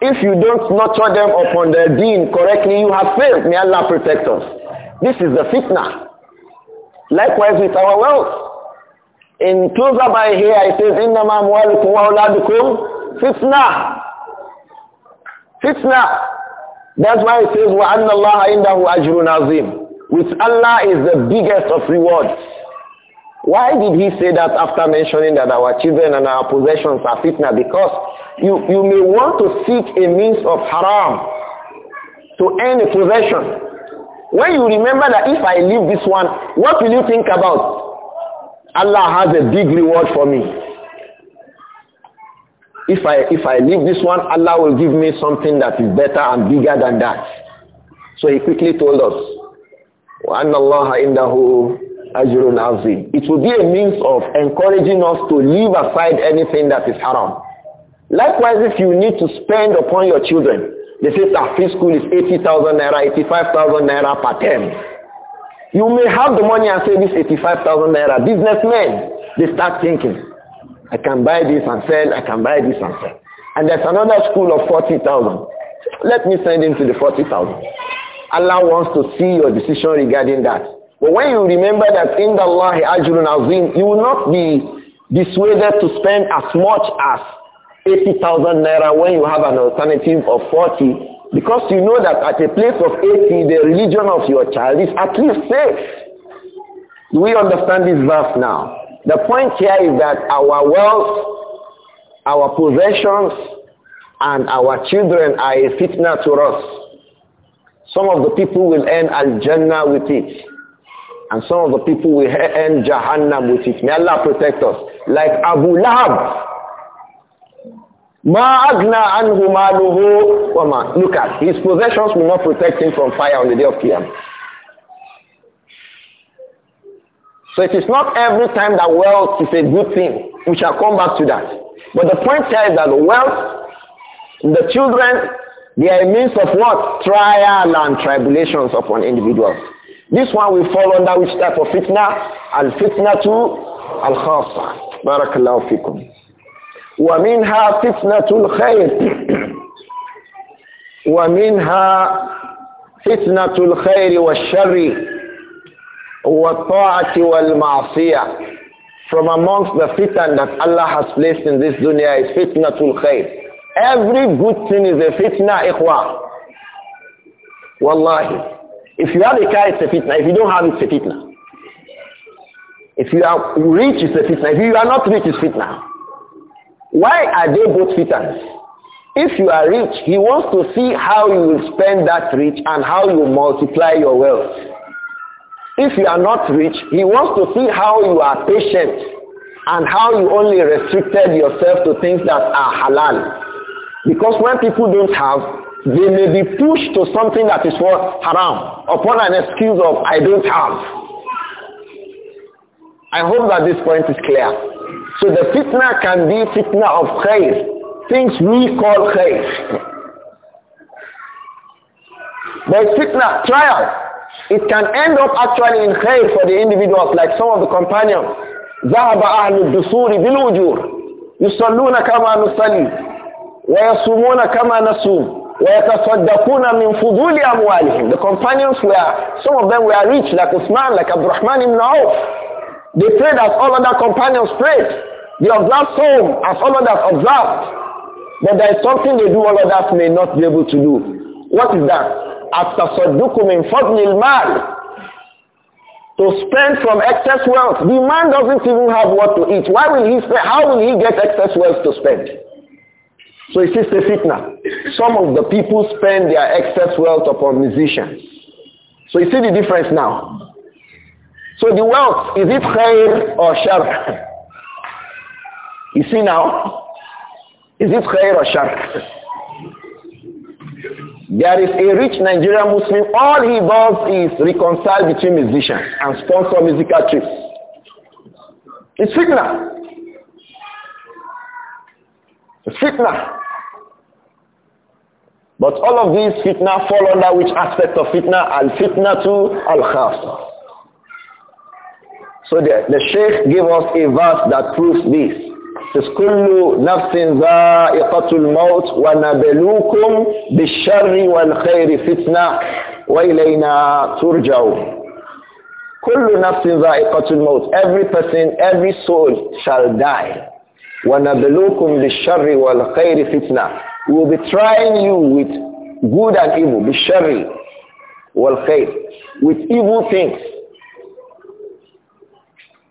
If you don't nurture them upon their deen correctly, you have failed. May Allah protect us. This is the fitna. Likewise with our wealth. In closer by here, it says, inna إِنَّمَا wa وَأَوْلَادُكُمْ fitna. Fitna. That's why it says, wa وَأَنَّ اللَّهَ indahu ajrun azim. With Allah is the biggest of rewards. Why did he say that after mentioning that our children and our possessions are fitna? Because you, you may want to seek a means of haram to earn a possession. When you remember that if I leave this one, what will you think about? Allah has a big reward for me. If I, if I leave this one, Allah will give me something that is better and bigger than that. So he quickly told us, وَأَنَّ اللَّهَ إِنَّهُ ajrun azim. It will be a means of encouraging us to leave aside anything that is haram. Likewise, if you need to spend upon your children, they say that ah, free school is 80,000 naira, 85,000 naira per term. You may have the money and say this 85,000 naira. Businessmen, they start thinking, I can buy this and sell, I can buy this and sell. And there's another school of 40,000. Let me send him to the 40,000. Allah wants to see your decision regarding that. But when you remember that in the Allah ajrun azim, you will not be dissuaded to spend as much as 80,000 naira when you have an alternative of 40 because you know that at a place of 80, the religion of your child is at least safe. Do we understand this verse now? The point here is that our wealth, our possessions, and our children are a fitna to us. Some of the people will earn al-Jannah with it. And some of the people will end Jahannam with it. May Allah protect us. Like Abu Lahab. Ma'agna agna anhu maluhu Look at, his possessions will not protect him from fire on the day of Qiyamah. So it is not every time that wealth is a good thing. We shall come back to that. But the point here is that wealth, the children, they are a means of what? Trial and tribulations upon individuals. This one will fall under which type of fitna? Al-fitna to al-khasa. Barakallahu fikum. ومنها فتنة wa ومنها wa الخير والشر al maasiyah. From amongst the fitan that Allah has placed in this dunya is fitnatul khayr. Every good thing is a fitna, ikhwa. Wallahi. If you have a car, it's a fitna. If you don't have, it's a fitna. If you are rich, it's a fitna. If you are not rich, it's fitna. Why are they both fitnas? If you are rich, he wants to see how you will spend that rich and how you multiply your wealth. If you are not rich, he wants to see how you are patient and how you only restricted yourself to things that are halal. Because when people don't have, they may be pushed to something that is what? Haram. Upon an excuse of, I don't have. I hope that this point is clear. So the fitna can be fitna of khair. Things we call khair. But fitna, trial. It can end up actually in khair for the individuals like some of the companions. ذهب أهل الدثور بالأجور يصلون كما نصلي ويصومون كما نصوم وَيَتَصَدَّقُونَ مِنْ فُضُولِ أَمْوَالِهِمْ The companions were, some of them were rich like Uthman, like Abdurrahman ibn Auf. They prayed as all other companions prayed. They observed some as all others observed. But there is something they do all others may not be able to do. What is that? أَتَصَدُّقُ مِنْ فَضْلِ الْمَالِ to spend from excess wealth. The man doesn't even have what to eat. Why will he spend? How will he get excess wealth to spend? So see the fitna. Some of the people spend their excess wealth upon musicians. So you see the difference now. So the wealth, is it khair or shar? You see now, is it khair or shar? There is a rich Nigerian Muslim, all he does is reconcile between musicians and sponsor musical trips. It's fitna fitna. But all of these fitna fall under which aspect of fitna? Al-fitna to al-khasa. So the, the Sheikh gave us a verse that proves this. It says, كل نفس ذائقة الموت ونبلوكم بالشر والخير فتنة وإلينا ترجعون كل نفس ذائقة الموت Every person, every soul shall die. وَنَبْلُوكُمْ بِالشَّرِّ وَالْخَيْرِ فِتْنَةً We will be trying you with good and evil, بِالشَّرِّ وَالْخَيْرِ With evil things.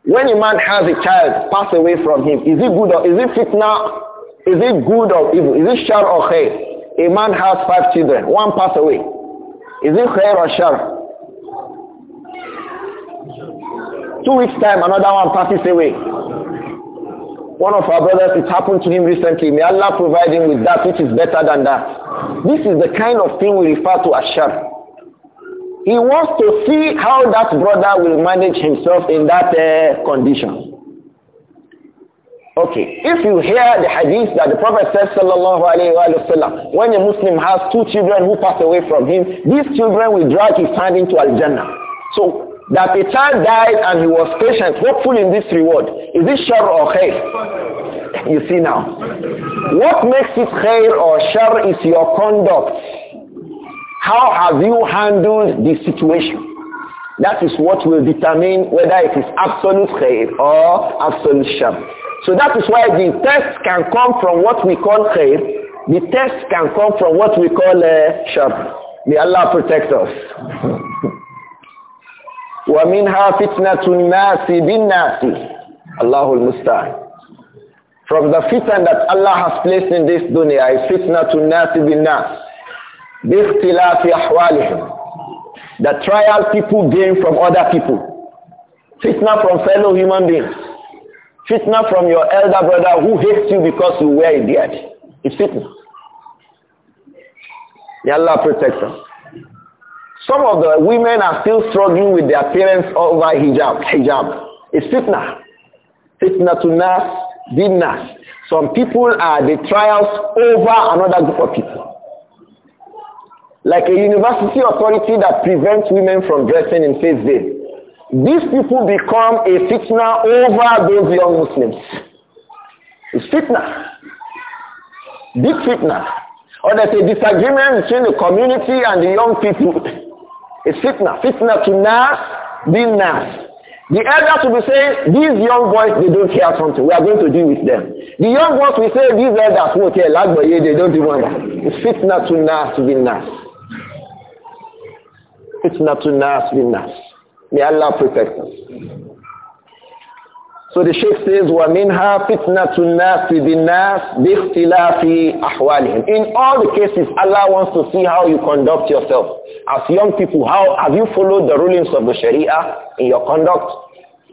When a man has a child pass away from him, is it good or is it fitna? Is it good or evil? Is it shar or khair? A man has five children, one pass away. Is it khair or shar? Two weeks time, another one passes away. One of our brothers, it happened to him recently. May Allah provide him with that which is better than that. This is the kind of thing we refer to as shar. He wants to see how that brother will manage himself in that uh, condition. Okay, if you hear the hadith that the Prophet says, sallallahu alayhi wasallam, when a Muslim has two children who pass away from him, these children will drag his hand into Al-Jannah. So that a child died and he was patient, hopeful in this reward. Is it sure or khair? You see now. What makes it khair or shar is your conduct. How have you handled the situation? That is what will determine whether it is absolute khair or absolute shar. So that is why the test can come from what we call khair. The test can come from what we call uh, eh, shar. May Allah protect us. وَمِنْهَا فِتْنَةُ النَّاسِ بِالنَّاسِ Allahul Musta'an. From the fitna that Allah has placed in this dunya is fitna to nasi bin nas. Bikhtilafi ahwalihim. The trial people gain from other people. Fitna from fellow human beings. Fitna from your elder brother who hates you because you wear a beard. It's fitna. May Allah protect us. Some of the women are still struggling with their parents over hijab. Hijab. It's fitna. Fitna to nas, dinas. Some people are the trials over another group of people. Like a university authority that prevents women from dressing in face day. These people become a fitna over those young Muslims. It's fitna. Big fitna. Or there's a disagreement between the community and the young people. It's fitna. Fitna to nas, bin nas. The elders will be saying, these young boys, they don't care something. We are going to deal with them. The young ones will say, these elders won't care. Like, but yeah, they don't even understand. It's fitna to nas, bin nas. Fitna to nas, bin nas. May Allah protect us. So the Sheikh says, وَمِنْهَا فِتْنَةُ النَّاسِ بِالنَّاسِ بِاخْتِلَافِ أَحْوَالِهِمْ In all the cases, Allah wants to see how you conduct yourself. As young people, how have you followed the rulings of the Sharia in your conduct?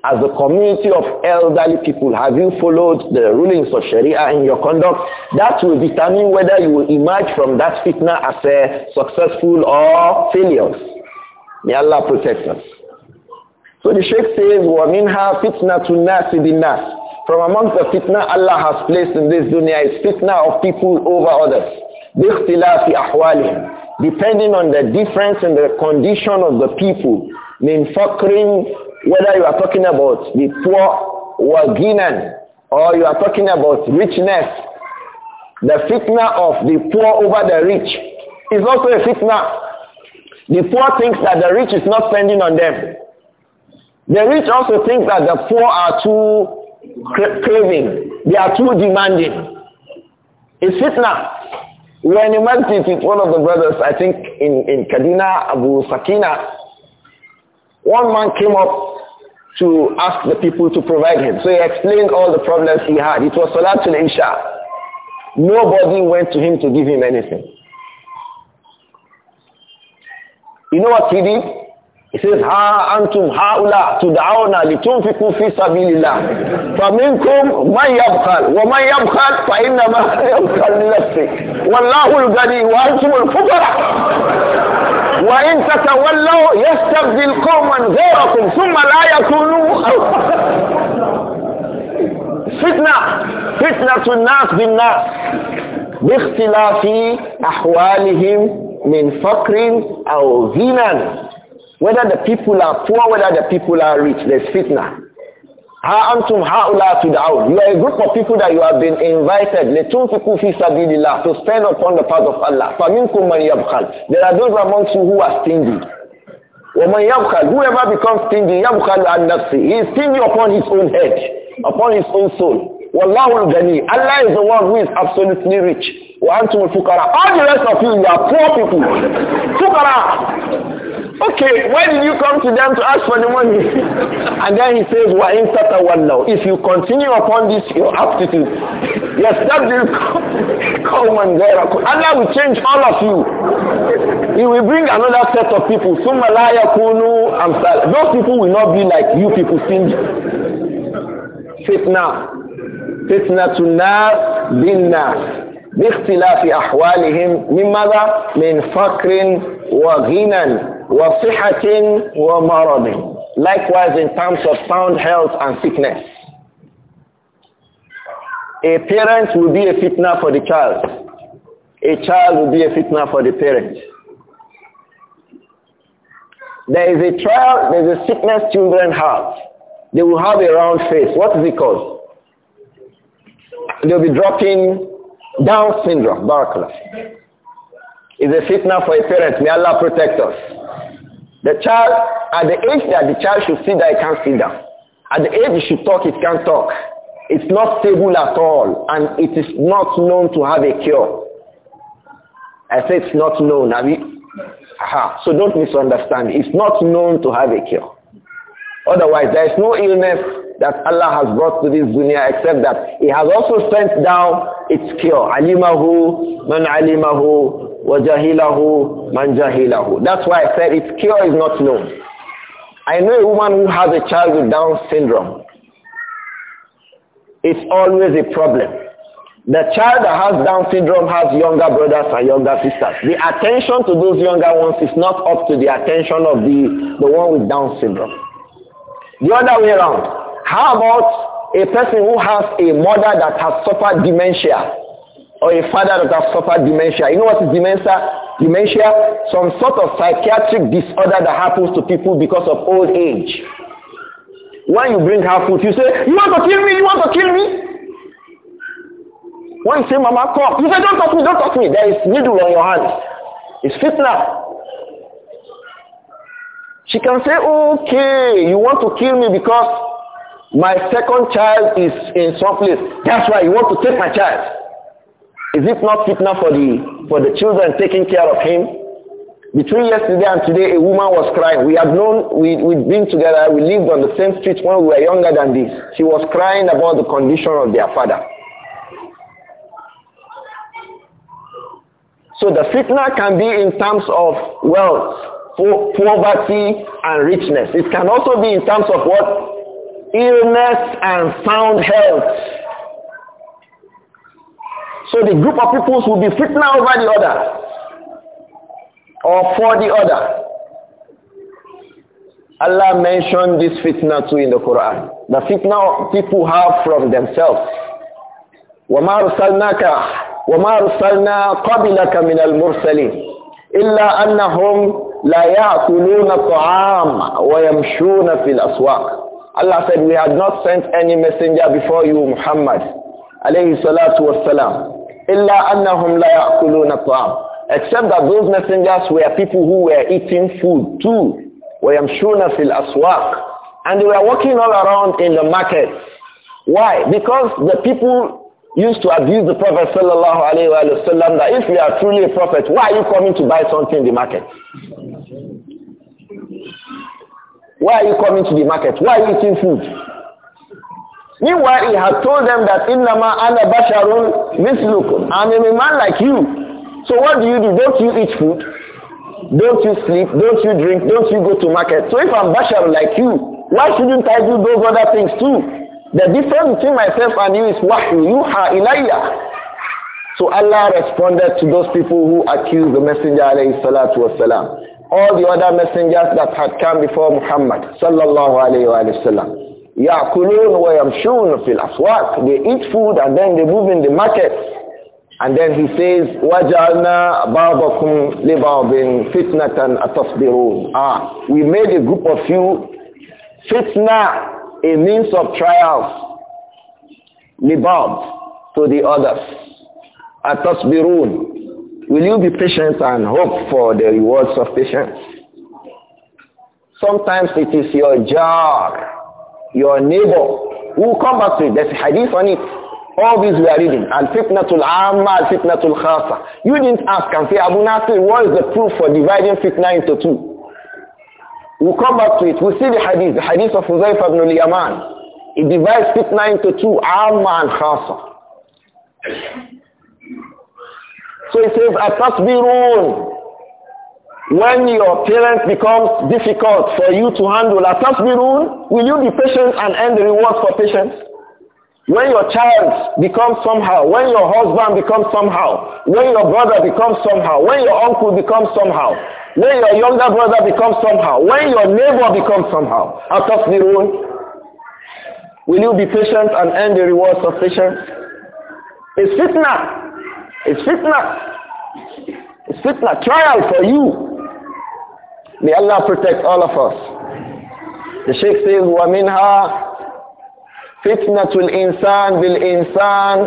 As a community of elderly people, have you followed the rulings of Sharia in your conduct? That will determine whether you will emerge from that fitna as a successful or failures. May Allah protect us. So the Sheikh says, وَمِنْهَا فِتْنَةُ النَّاسِ بِالنَّاسِ From amongst the fitna Allah has placed in this dunya is fitna of people over others. بِاخْتِلَافِ أَحْوَالِهِمْ Depending on the difference in the condition of the people. mean فَقْرٍ Whether you are talking about the poor or or you are talking about richness. The fitna of the poor over the rich is also a fitna. The poor thinks that the rich is not spending on them. The rich also think that the poor are too craving. They are too demanding. It's fitna. We were in a masjid with one of the brothers, I think in, in Kadina Abu Sakina. One man came up to ask the people to provide him. So he explained all the problems he had. It was Salatul Isha. Nobody went to him to give him anything. You know what he did? He says, Ha antum haula tud'auna litunfiqu fi sabilillah. Faminkum man yabkhal wa man yabkhal fa inna ma yabkhal li nafsi. Wallahu al-ghani wa antum al-fuqara. Wa in tatawallaw yastabdil qawman ghayrakum thumma la yakunu fitna fitna fitnatun nas bin nas باختلاف ahwalihim من فقر أو غنى Whether the people are poor, whether the people are rich, there's fitna. أنتم هؤلاء تدعون You are a group of people that you have been invited لتنفقوا في سبيل الله to stand upon the path of Allah There are those amongst you who are stingy Whoever becomes stingy يبخل عن نفسه He is stingy upon his own head upon his own soul والله الغني Allah is the one who is absolutely rich All the rest of you, you are poor people فقراء Okay, why did you come to them to ask for the money? and then he says, Wa in now. If you continue upon this your aptitude, your stuff will come and there. Allah will change all of you. He will bring another set of people. Sumalaya Kunu Those people will not be like you people think. Fitna. Fitna to nas bin nas. باختلاف أحوالهم من ماذا؟ من فقر وغنى وصحة ومرض Likewise in terms of sound health and sickness. A parent will be a fitna for the child. A child will be a fitna for the parent. There is a trial, there is a sickness children have. They will have a round face. What is it called? They'll be dropping down syndrome, barakallah. Is a fitna for a parent. May Allah protect us. The child, at the age that the child should see, that it can't sit down. At the age it should talk, it can't talk. It's not stable at all. And it is not known to have a cure. I say it's not known. Have you? Aha. So don't misunderstand. It's not known to have a cure. Otherwise, there is no illness that Allah has brought to this dunya except that He has also sent down its cure. Alimahu man alimahu wa jahilahu man jahilahu. That's why I said its cure is not known. I know a woman who has a child with Down syndrome. It's always a problem. The child that has Down syndrome has younger brothers and younger sisters. The attention to those younger ones is not up to the attention of the, the one with Down syndrome. The other way around, how about a person who has a mother that has suffered dementia or a father that has suffered dementia? You know what is dementia? Dementia, some sort of psychiatric disorder that happens to people because of old age. When you bring her food, you say, you want to kill me, you want to kill me? When you say, Mama, come, you say, don't touch me, don't touch me. There is needle on your hand. It's fitna. She can say, okay, you want to kill me because my second child is in some place. That's why you want to take my child. Is it not fitna for the, for the children taking care of him? Between yesterday and today, a woman was crying. We have known, we, we've been together, we lived on the same street when we were younger than this. She was crying about the condition of their father. So the fitna can be in terms of wealth, poverty, and richness. It can also be in terms of what? illness and sound health. So the group of peoples will be fitna over the other or for the other. Allah mentioned this fitna too in the Quran. The fitna people have from themselves. وَمَا رُسَلْنَاكَ وَمَا رُسَلْنَا قَبِلَكَ مِنَ الْمُرْسَلِينَ إِلَّا أَنَّهُمْ لا يأكلون الطعام ويمشون في الأسواق Allah said, we had not sent any messenger before you, Muhammad, alayhi salatu illa annahum la ya'kuluna ta'am. Except that those messengers were people who were eating food too. وَيَمْشُونَ fil aswak, And they were walking all around in the market. Why? Because the people used to abuse the Prophet sallallahu alayhi wa sallam that if you are truly a prophet, why are you coming to buy something in the market? Why are you coming to the market? Why are you eating food? Meanwhile, he had told them that Innama ana basharun mislukum. I'm a man like you. So what do you do? Don't you eat food? Don't you sleep? Don't you drink? Don't you go to market? So if I'm bashar like you, why shouldn't I do those other things too? The difference between myself and you is You yuha ilayya. So Allah responded to those people who accused the Messenger alayhi salatu wasalam all the other messengers that had come before Muhammad sallallahu alayhi wa sallam. wa yamshun فِي الْأَسْوَاقِ They eat food and then they move in the market. And then he says, وَجَعَلْنَا بَعْضَكُمْ لِبَعْضٍ فِتْنَةً أَتَصْبِرُونَ Ah, we made a group of you fitna, a means of trials. لِبَعْض to the others. أَتَصْبِرُونَ Will you be patient and hope for the rewards of patience? Sometimes it is your jar, your neighbor, who will come back to it. There's hadith on it. All these we are reading. Al-fitnatul amma, al-fitnatul khasa. You didn't ask and say, Abu Nasir, what is the proof for dividing fitna into two? We'll come back to it. We'll see the hadith, the hadith of Huzayf ibn al-Yaman. It divides fitna into two, amma and khasa. So he says, I Atasbirun. When your parents becomes difficult for you to handle, Atasbirun, will you be patient and earn the reward for patience? When your child becomes somehow, when your husband becomes somehow, when your brother becomes somehow, when your uncle becomes somehow, when your younger brother becomes somehow, when your neighbor becomes somehow, after be rule, will you be patient and earn the reward for patience? It's fitna. It's fitna. It's fitna, trial for you. May Allah protect all of us. The Sheikh says, وَمِنْهَا فِتْنَةُ الْإِنسَانِ بِالْإِنسَانِ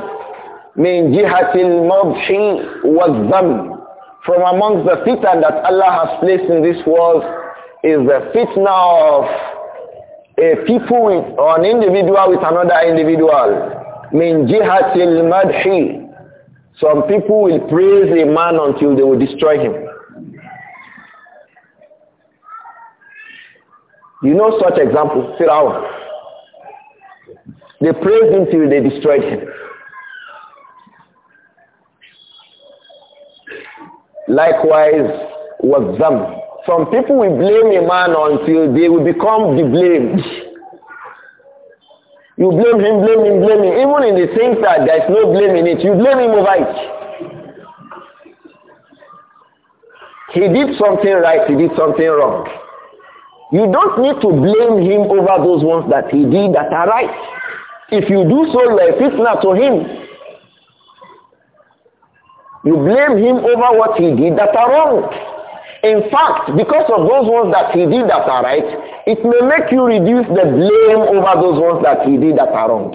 مِنْ جِهَةِ الْمَضْحِ وَالذَّمِّ From amongst the fitna that Allah has placed in this world is the fitna of a people with, or an individual with another individual. مِنْ جِهَةِ الْمَضْحِ some people will praise a man until they will destroy him. You know such examples. Pharaoh. They praised him till they destroyed him. Likewise, was them. Some people will blame a man until they will become the blamed. You blame him, blame him, blame him. Even in the things that there's no blame in it, you blame him over it. He did something right, he did something wrong. You don't need to blame him over those ones that he did that are right. If you do so, you are a fitna to him. You blame him over what he did that are wrong. In fact, because of those ones that he did that are right, it may make you reduce the blame over those ones that you did that are wrong.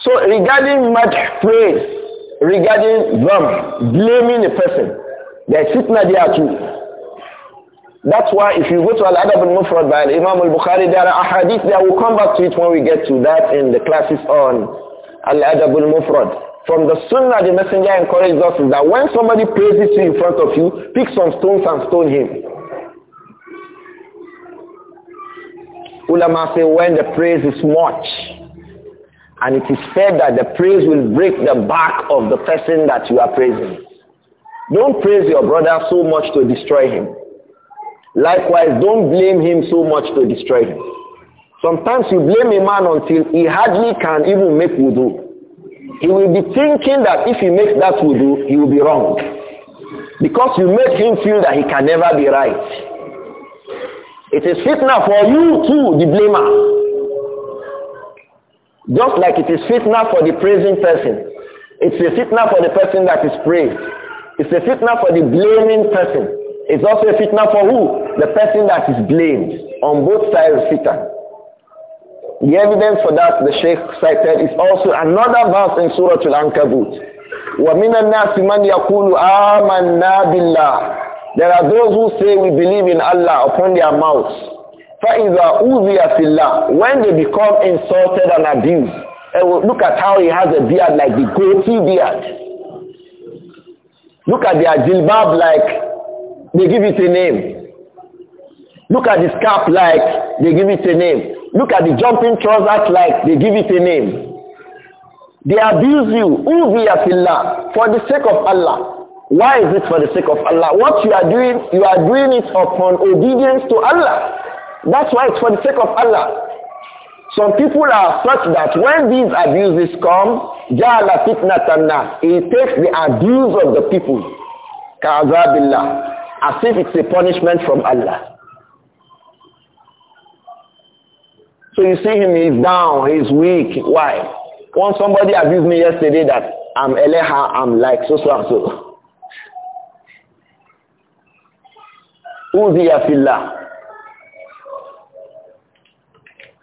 So regarding much praise, regarding them, blaming a person, they sit fitna there too. That's why if you go to Al-Adab al-Mufrad by Imam al-Bukhari, there are ahadith there. We'll come back to it when we get to that in the classes on Al-Adab al-Mufrad. From the sunnah the messenger encourages us is that when somebody praises you in front of you, pick some stones and stone him. Ulama say when the praise is much, and it is said that the praise will break the back of the person that you are praising. Don't praise your brother so much to destroy him. Likewise, don't blame him so much to destroy him. Sometimes you blame a man until he hardly can even make wudu. He will be thinking that if he makes that wudu, he will be wrong. Because you make him feel that he can never be right. It is fitna for you too, the blamer. Just like it is fitna for the praising person. It's a fitna for the person that is praised. It's a fitna for the blaming person. It's also a fitna for who? The person that is blamed. On both sides fitna. The evidence for that the Sheikh cited is also another verse in Surah Al-Ankabut. وَمِنَ النَّاسِ مَنْ يَقُولُ آمَنَّا بِاللَّهِ there are those who say we believe in Allah upon their mouths. فَإِذَا أُوذِيَ فِي اللَّهِ When they become insulted and abused, and eh, look at how he has a beard like the goatee beard. Look at their jilbab like they give it a name. Look at the scarf like they give it a name. Look at the jumping trousers like they give it a name. They abuse you, أُوذِيَ فِي اللَّهِ For the sake of Allah. Why is it for the sake of Allah? What you are doing, you are doing it upon obedience to Allah. That's why it's for the sake of Allah. Some people are such that when these abuses come, Jala fitnatanna, it takes the abuse of the people, billah, as if it's a punishment from Allah. So you see him, he's down, he's weak. Why? When somebody abused me yesterday that I'm eleha, I'm like so so and so. udhiya fillah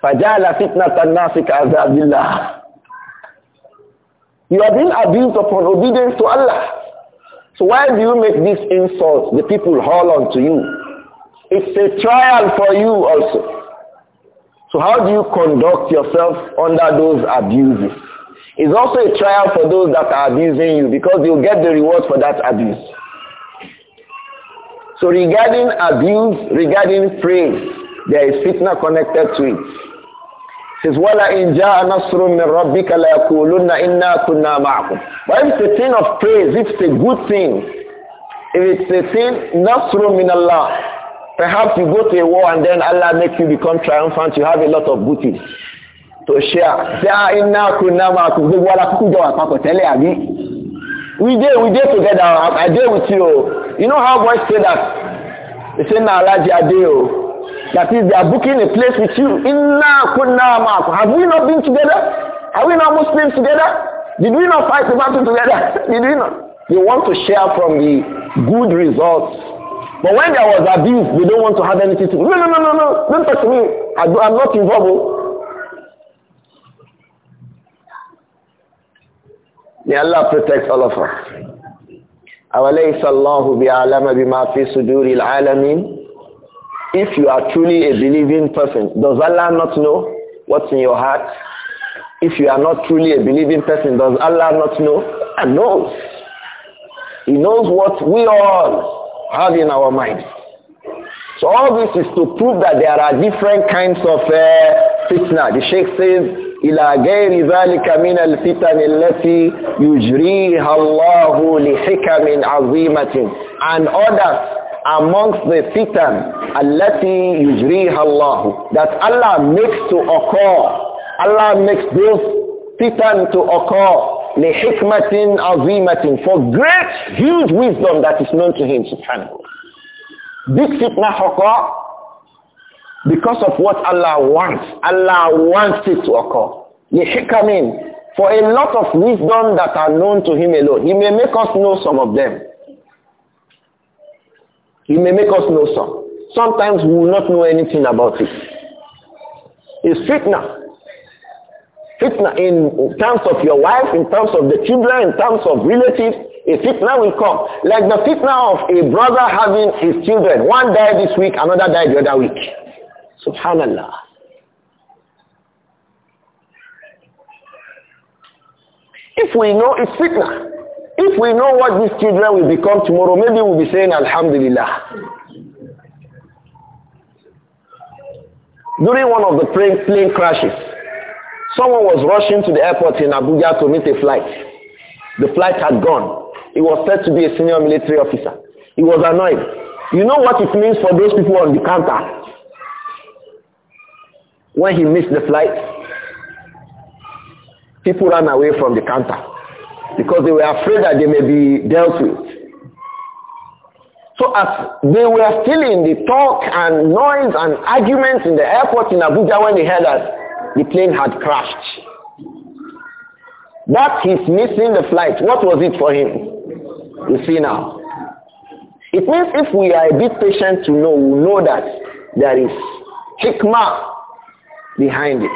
fajala fitnatan nasi ka'azabillah you are being abused upon obedience to Allah so why do you make these insults the people haul on to you it's a trial for you also so how do you conduct yourself under those abuses it's also a trial for those that are abusing you because you'll get the reward for that abuse so regarding abuse, regarding praise, there is fitna connected to it. says, wala إِنْ جَاءَ min مِّن رَبِّكَ لَيَقُولُنَّ إِنَّا كُنَّا مَعَكُمْ But if it's a thing of praise, if it's a good thing, if it's a thing, نَصْرٌ min Allah, Perhaps you go to a war and then Allah makes you become triumphant. You have a lot of booty to share. Say, ah, inna kunna ma'akum. Gbogbo ala kúkú jọ àpapọ̀ tẹ́lẹ̀ àbí. We dey we dey together. I dey with you. You know how boys say that? They say, na alaji adeo. Oh. That is, they are booking a place with you. Inna kunna ma'akum. Have we not been together? Are we not Muslims together? Did we not fight the battle together? Did we not? They want to share from the good results. But when there was abuse, they don't want to have anything to do. No, no, no, no, no. Don't talk to me. I do, I'm not involved. Oh. May Allah protect all of us. أوليس الله بأعلم بما في صدور العالمين If you are truly a believing person, does Allah not know what's in your heart? If you are not truly a believing person, does Allah not know? Allah knows. He knows what we all have in our minds. So all this is to prove that there are different kinds of uh, fitna. The Sheikh says, إلى غير ذلك من الفتن التي يجريها الله لحكم عظيمة and others amongst the fitan التي يجريها الله that Allah makes to occur Allah makes those fitan to occur li لحكمة عظيمة for great huge wisdom that is known to him subhanahu big fitna occur because of what Allah wants. Allah wants it to occur. Lihikamin. For a lot of wisdom that are known to him alone. He may make us know some of them. He may make us know some. Sometimes we will not know anything about it. It's fitna. Fitna in, in terms of your wife, in terms of the children, in terms of relatives, a fitna will come. Like the fitna of a brother having his children. One died this week, another died the other week. Subhanallah. If we know it's fitna, if we know what these children will become tomorrow, maybe we'll be saying Alhamdulillah. During one of the plane, crashes, someone was rushing to the airport in Abuja to meet a flight. The flight had gone. He was said to be a senior military officer. He was annoyed. You know what it means for those people on the counter when he missed the flight, people ran away from the counter because they were afraid that they may be dealt with. So as they were still in the talk and noise and arguments in the airport in Abuja when they heard that the plane had crashed. That he's missing the flight, what was it for him? You see now. It means if we are a bit patient to know, we know that there is hikmah behind it.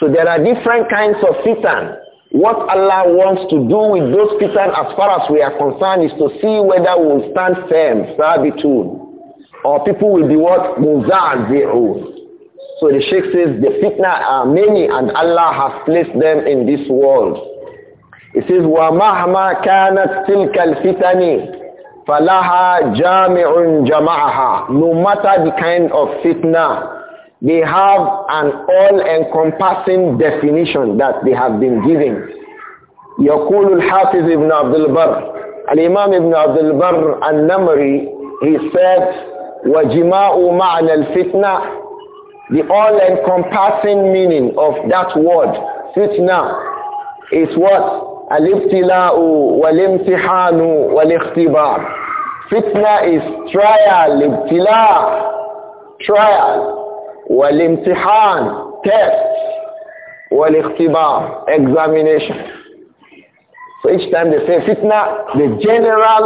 So there are different kinds of fitan. What Allah wants to do with those fitan as far as we are concerned is to see whether we'll stand firm, sabitun, or people will be what? Muzazi'un. So the Sheikh says the fitna are many and Allah has placed them in this world. He says, وَمَهْمَا كَانَتْ تِلْكَ الْفِتَنِ فَلَهَا جَامِعٌ جَمَعَهَا No matter the kind of fitna they have an all-encompassing definition that they have been given. يقول الحافظ ابن عبد البر الإمام ابن عبد البر النمري he said وجماء معنى الفتنة the all-encompassing meaning of that word fitna is what al-ibtila'u wal-imtihanu wal fitna is trial ibtila trial والامتحان test والاختبار examination so each time they say fitna the general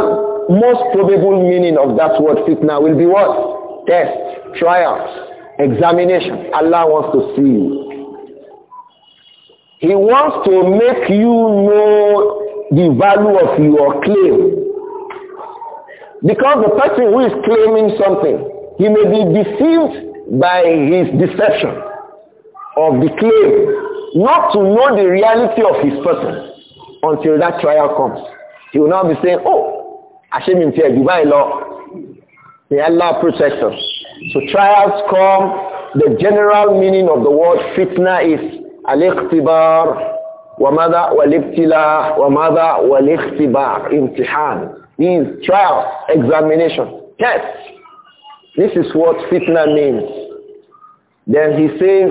most probable meaning of that word fitna will be what test trials examination Allah wants to see you he wants to make you know the value of your claim because the person who is claiming something he may be deceived by his deception of the claim not to know the reality of his person until that trial comes. He will now be saying, oh, Hashem in fear, divine law. May Allah protect us. So trials come. The general meaning of the word fitna is al-iqtibar wa mada wal-ibtila wa mada wal-iqtibar, imtihan. These trials, examination, tests. This is what fitna means. Then he says,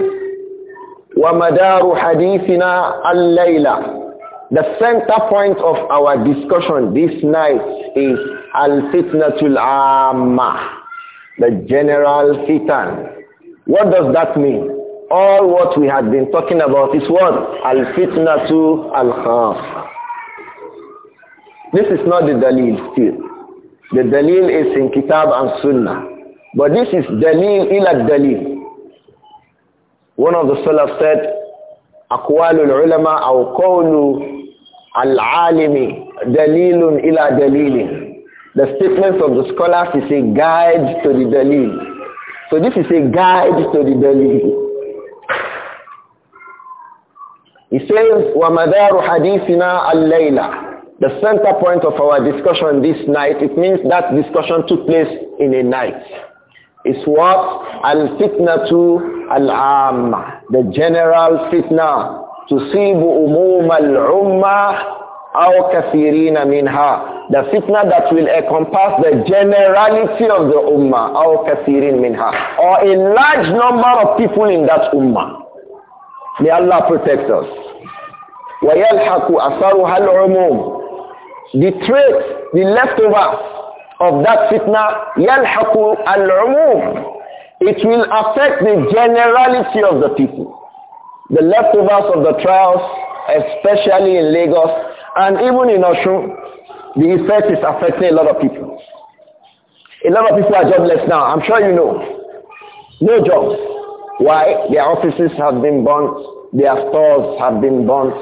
وَمَدَارُ حَدِيثِنَا al-layla." The center point of our discussion this night is al-fitnatul amma, the general fitan. What does that mean? All what we had been talking about is what? Al-fitnatu al khaf This is not the dalil still. The dalil is in kitab and sunnah. But this is dalil ila dalil. One of the Salaf said, أقوال العلماء أو قول العالم دليل إلى دليل the statements of the scholars is a guide to the Dalil. So this is a guide to the Dalil. He says, وَمَدَارُ حَدِيثِنَا اللَّيْلَ The center point of our discussion this night, it means that discussion took place in a night is what? Al-fitnatu al-amma. The general fitna. تُصِيبُ al الْعُمَّةِ أَوْ kathirin minha, The fitna that will encompass the generality of the ummah أَوْ kathirin minha, Or a large number of people in that ummah. May Allah protect us. Wa وَيَلْحَقُ al الْعُمُومِ The threat, the leftover of that fitna yalhaqu al-umum. It will affect the generality of the people. The leftovers of the trials, especially in Lagos and even in Oshun, the effect is affecting a lot of people. A lot of people are jobless now. I'm sure you know. No jobs. Why? Their offices have been burnt. Their stores have been burnt.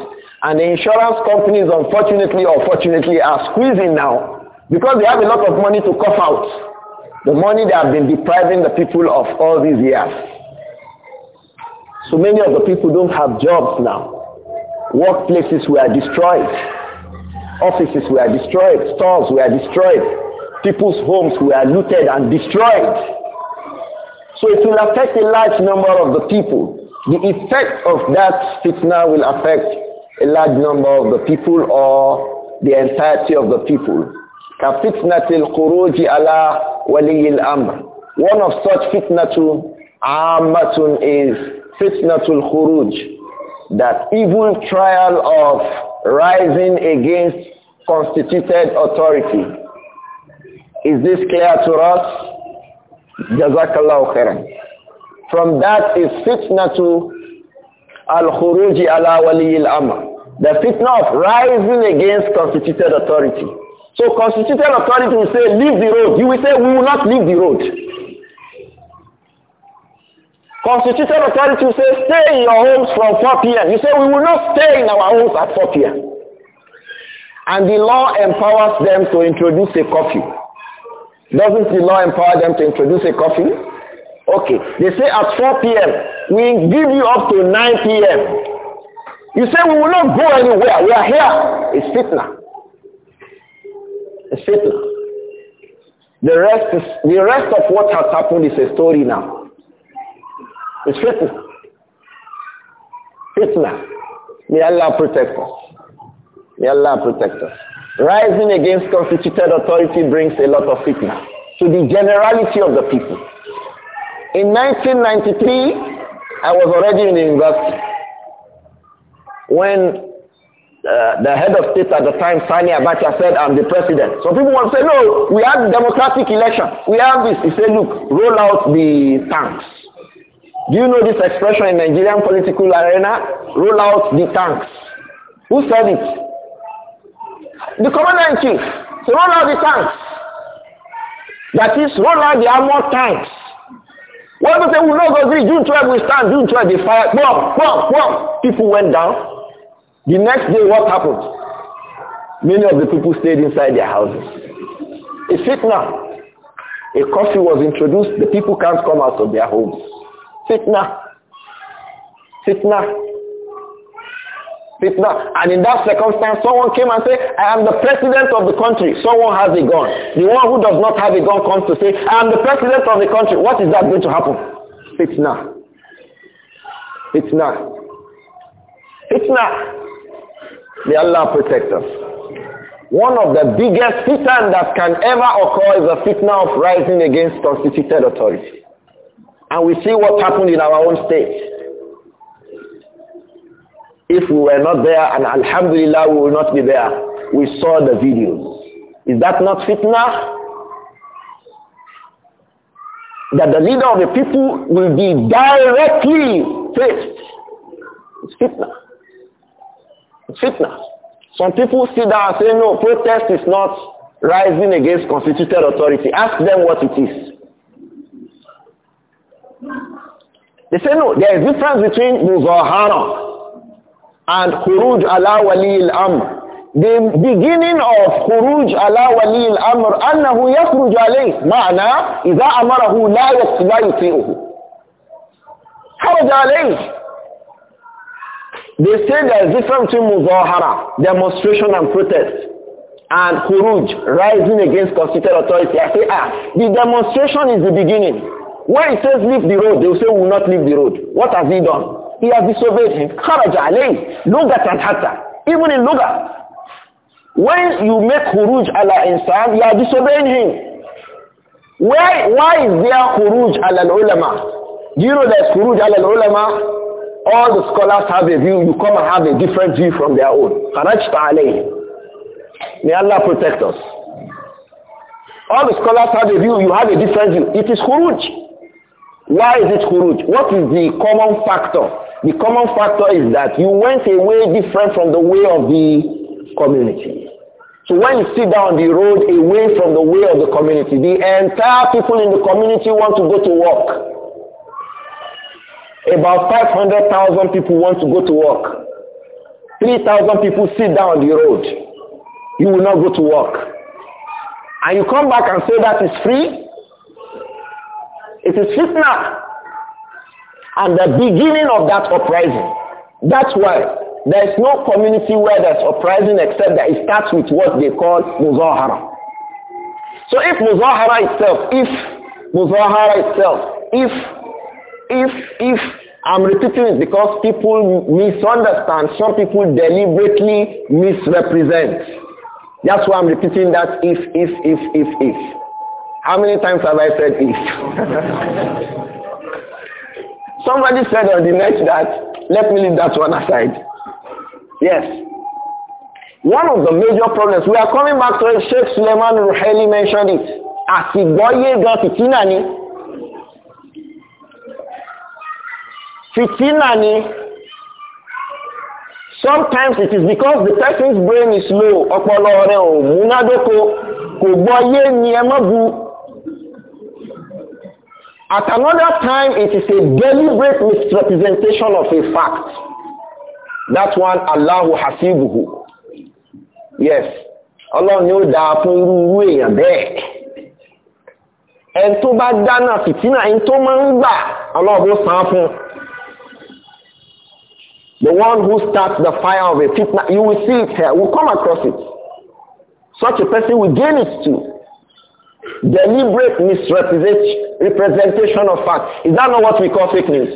And the insurance companies, unfortunately or fortunately, are squeezing now because they have a lot of money to cough out. The money they have been depriving the people of all these years. So many of the people don't have jobs now. Workplaces were destroyed. Offices were destroyed. Stores were destroyed. People's homes were looted and destroyed. So it will affect a large number of the people. The effect of that fitna will affect a large number of the people or the entirety of the people. كفتنة الخروج ala ولي الأمر One of such fitnatu amatun is fitnatul khuruj that evil trial of rising against constituted authority. Is this clear to us? Jazakallahu khairan. From that is fitnatu al-khuruj ala wali al-amr. The fitna of rising against constituted authority. So constituted authority will say, leave the road. You will say, we will not leave the road. Constituted authority will say, stay in your homes from 4 p.m. You say, we will not stay in our homes at 4 p.m. And the law empowers them to introduce a curfew. Doesn't the law empower them to introduce a curfew? Okay. They say at 4 p.m., we give you up to 9 p.m. You say, we will not go anywhere. We are here. It's fitna. It's The rest, is, the rest of what has happened is a story now. It's fitna. May Allah protect us. May Allah protect us. Rising against constituted authority brings a lot of fitna to the generality of the people. In 1993, I was already in university when uh, the head of state at the time, Sani Abacha, said, I'm the president. So people want to say, no, we have democratic election. We have this. He said, look, roll out the tanks. Do you know this expression in Nigerian political arena? Roll out the tanks. Who said it? The commander-in-chief. So roll out the tanks. That is, roll out the armored tanks. What do they say? We know June 12 we stand. June 12 they fire. Boom, boom, boom. People went down. The next day, what happened? Many of the people stayed inside their houses. A fitna. A coffee was introduced. The people can't come out of their homes. Fitna. Fitna. Fitna. And in that circumstance, someone came and said, I am the president of the country. Someone has a gun. The one who does not have a gun comes to say, I am the president of the country. What is that going to happen? Fitna. Fitna. Fitna. May Allah protect us. One of the biggest fitan that can ever occur is the fitna of rising against constituted authority. And we see what happened in our own state. If we were not there, and alhamdulillah we will not be there, we saw the videos. Is that not fitna? That the leader of the people will be directly faced. It's fitna. Fitna. Some people sit down and say, no, protest is not rising against constituted authority. Ask them what it is. They say, no, there is difference between Muzahara and Khuruj ala wali al-amr. The beginning of Khuruj ala wali al-amr, annahu yakhruj alayh, ma'na, idha amarahu la yuti'uhu. Khuruj alayh. They say there is difference between muzahara, demonstration and protest, and kuruj rising against constituted authority. I say, ah, the demonstration is the beginning. When it says leave the road, they will say we will not leave the road. What has he done? He has disobeyed him. Kharaja look lugat and hatta. Even in lugat. When you make kuruj ala insan, you are disobeying him. Why, why is there kuruj ala ulama? Do you know there's kuruj ala ulama? all the scholars have a view, you come and have a different view from their own. May Allah protect us. All the scholars have a view, you have a different view. It is khuruj. Why is it khuruj? What is the common factor? The common factor is that you went away different from the way of the community. So when you sit down the road away from the way of the community, the entire people in the community want to go to work. About 500,000 people want to go to work. 3,000 people sit down on the road. You will not go to work. And you come back and say that is free? It is fitna. And the beginning of that uprising. That's why there is no community where there's uprising except that it starts with what they call muzahara. So if muzahara itself, if muzahara itself, if if if I'm repeating it because people misunderstand, some people deliberately misrepresent. That's why I'm repeating that if, if, if, if, if. How many times have I said if? Somebody said on the night that, let me leave that one aside. Yes. One of the major problems, we are coming back to it, Sheikh Suleiman Ruheli mentioned it. Fitina ni. Sometimes it is because the person's brain is slow. Ọpọlọ rẹ̀ ò múnádóko. Kò gbọ́ yé ni ẹ mọ́ bu. At another time, it is a deliberate misrepresentation of a fact. That one, Allahu Hasibuhu. Yes. Ọlọ́run ni ó dáa fún irú irú èèyàn bẹ́ẹ̀ ẹn tó bá dáná fìtínà ẹn tó máa ń gbà ọlọ́ọ̀bù san fún un The one who starts the fire of a fitna, you will see it here, will come across it. Such a person will gain it too. Deliberate misrepresentation of fact. Is that not what we call fake news?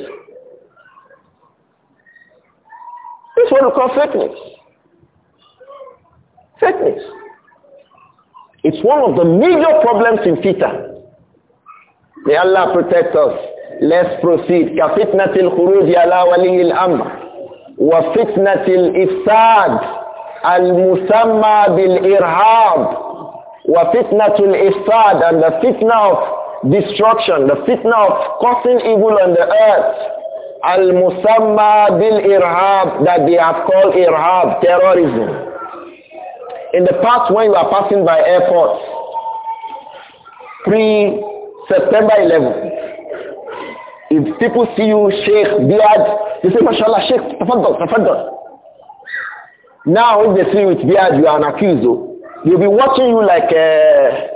This what we call fake news. Fake news. It's one of the major problems in fitna. May Allah protect us. Let's proceed. كفتنة الخروج على ولي الأمر وفتنة الإفساد المسمى بالإرهاب وفتنة الإفساد and the fitna of destruction, the fitna of causing evil on the earth al-musamma bil-irhab that they have called irhab, terrorism. In the past when you are passing by airports, pre-September 11, if people see you, Sheikh, beard, they say, MashaAllah, Sheikh, tafaddal, tafaddal. Now, if they see you with beard, you are an accused. They'll be watching you like a... Uh,